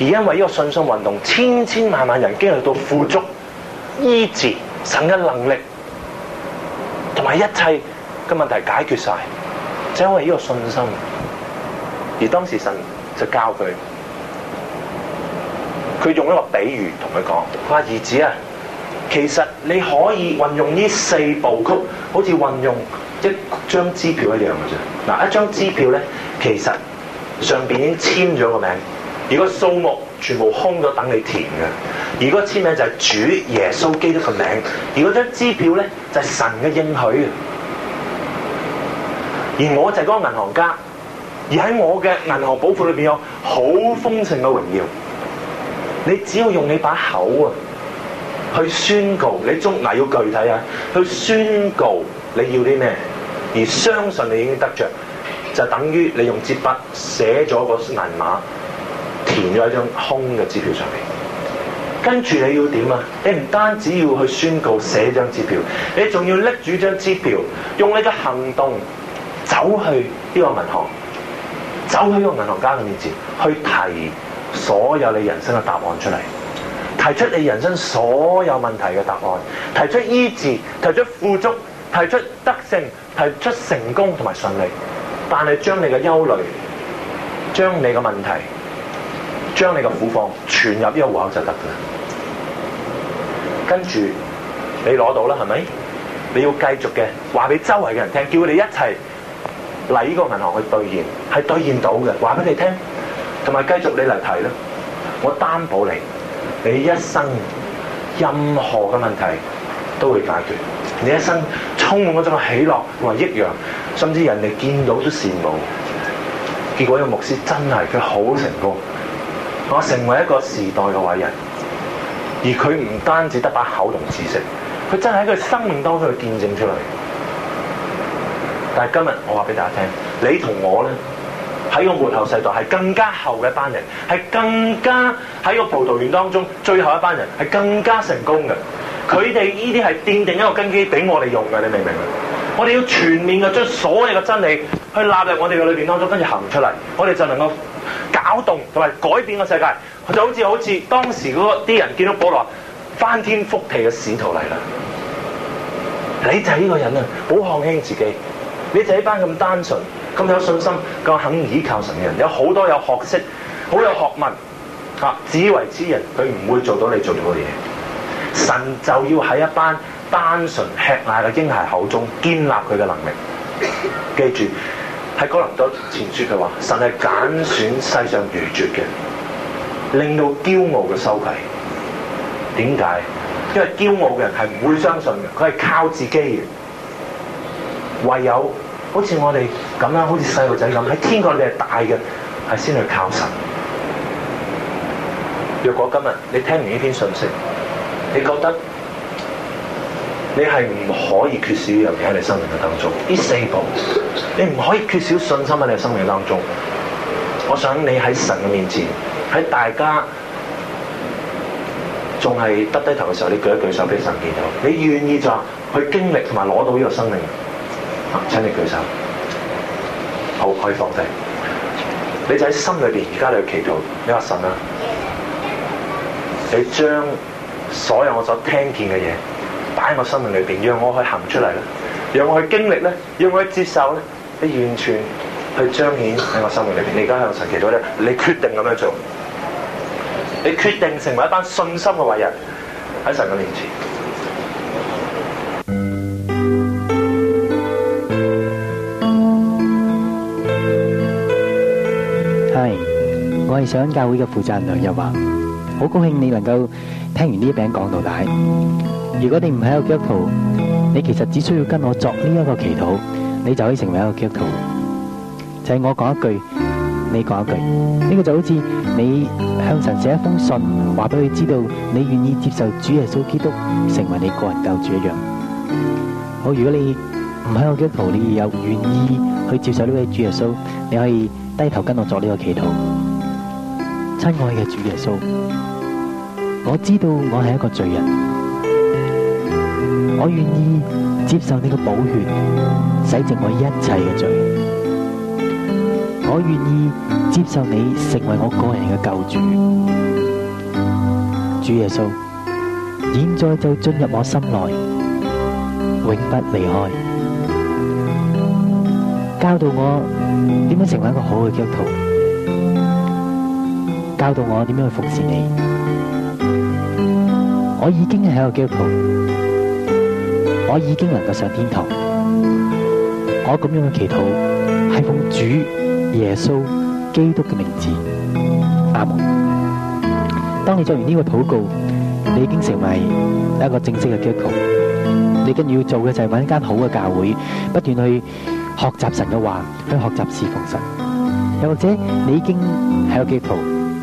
而因為呢個信心運動，千千萬萬人經歷到富足、醫治、神嘅能力，同埋一切嘅問題解決晒，就因為呢個信心。而當時神就教佢。佢用一個比喻同佢講：，佢話兒子啊，其實你可以運用呢四步曲，好似運用一張支票一樣嘅咋。嗱，一張支票呢，其實上面已經簽咗個名，而個數目全部空咗等你填嘅。而個簽名就係主耶穌基督嘅名，而嗰張支票呢，就係神嘅應許。而我就係嗰個銀行家，而喺我嘅銀行寶庫裏面有好豐盛嘅榮耀。你只要用你把口啊，去宣告你中嗱、啊、要具體啊，去宣告你要啲咩，而相信你已經得着，就等於你用支筆寫咗個銀碼，填咗一張空嘅支票上面。跟住你要點啊？你唔單止要去宣告寫張支票，你仲要拎住張支票，用你嘅行動走去呢個銀行，走去呢個銀行家嘅面前去提。所有你人生嘅答案出嚟，提出你人生所有問題嘅答案，提出醫治，提出富足，提出德性，提出成功同埋順利，但係將你嘅憂慮、將你嘅問題、將你嘅苦況存入呢個戶口就得㗎啦。跟住你攞到啦，係咪？你要繼續嘅話俾周圍嘅人聽，叫你一齊嚟呢個銀行去兌現，係兌現到嘅，話俾你聽。同埋繼續你嚟提咧，我擔保你，你一生任何嘅問題都會解決，你一生充滿嗰種喜樂同埋益陽，甚至人哋見到都羨慕。結果呢個牧師真係佢好成功，我成為一個時代嘅偉人，而佢唔單止得把口同知識，佢真係喺佢生命當中去見證出嚟。但係今日我話俾大家聽，你同我呢。喺個門頭世代係更加後嘅一班人，係更加喺個葡萄園當中最後一班人，係更加成功嘅。佢哋呢啲係奠定一個根基俾我哋用嘅，你明唔明啊？我哋要全面嘅將所有嘅真理去納入我哋嘅裏邊當中，跟住行出嚟，我哋就能夠搞動同埋改變個世界。就好似好似當時嗰啲人見到保羅翻天覆地嘅使徒嚟啦，你就係呢個人啊！好看輕自己，你就係呢班咁單純。咁有信心，咁肯依靠神嘅人，有好多有學識，好有學問，吓、啊、自以為知人，佢唔會做到你做到嘅嘢。神就要喺一班單純吃奶嘅嬰孩口中建立佢嘅能力。記住喺哥林多前書嘅話，神係揀選世上愚拙嘅，令到驕傲嘅羞愧。點解？因為驕傲嘅人係唔會相信嘅，佢係靠自己嘅，唯有。好似我哋咁啦，好似細路仔咁，喺天國你係大嘅，係先去靠神。若果今日你聽完呢篇訊息，你覺得你係唔可以缺少呢樣嘢喺你生命嘅當中，呢四步你唔可以缺少信心喺你嘅生命當中。我想你喺神嘅面前，喺大家仲係低低頭嘅時候，你舉一舉手俾神見到，你願意就去經歷同埋攞到呢個生命。請你舉手，好，可以放低。你就喺心裏邊，而家你去祈禱，你話神啦、啊。你將所有我所聽見嘅嘢擺喺我生命裏邊，讓我去行出嚟啦，讓我去經歷咧，讓我去接受咧，你完全去彰顯喺我生命裏邊。你而家向神祈禱咧，你決定咁樣做，你決定成為一班信心嘅偉人喺神嘅面前。我係上教會嘅負責人梁日華，好高興你能夠聽完呢一餅講到帶。如果你唔係一個基督徒，你其實只需要跟我作呢一個祈禱，你就可以成為一個基督徒。就係我講一句，你講一句，呢個就好似你向神寫一封信，話俾佢知道你願意接受主耶穌基督成為你個人救主一樣。好，如果你唔係一個基督徒，你有願意去接受呢位主耶穌，你可以低頭跟我作呢個祈禱。親愛嘅主耶穌，我知道我係一個罪人，我願意接受你嘅寶血洗淨我一切嘅罪，我願意接受你成為我個人嘅救主。主耶穌，現在就進入我心內，永不離開，教導我點樣成為一個好嘅基督徒。教導我點樣去服侍你。我已經係一個基督徒，我已經能夠上天堂。我咁樣嘅祈禱係奉主耶穌基督嘅名字，阿門。當你做完呢個禱告，你已經成為一個正式嘅基督徒。你跟住要做嘅就係揾一間好嘅教會，不斷去學習神嘅話，去學習侍奉神。又或者你已經係一個基督徒。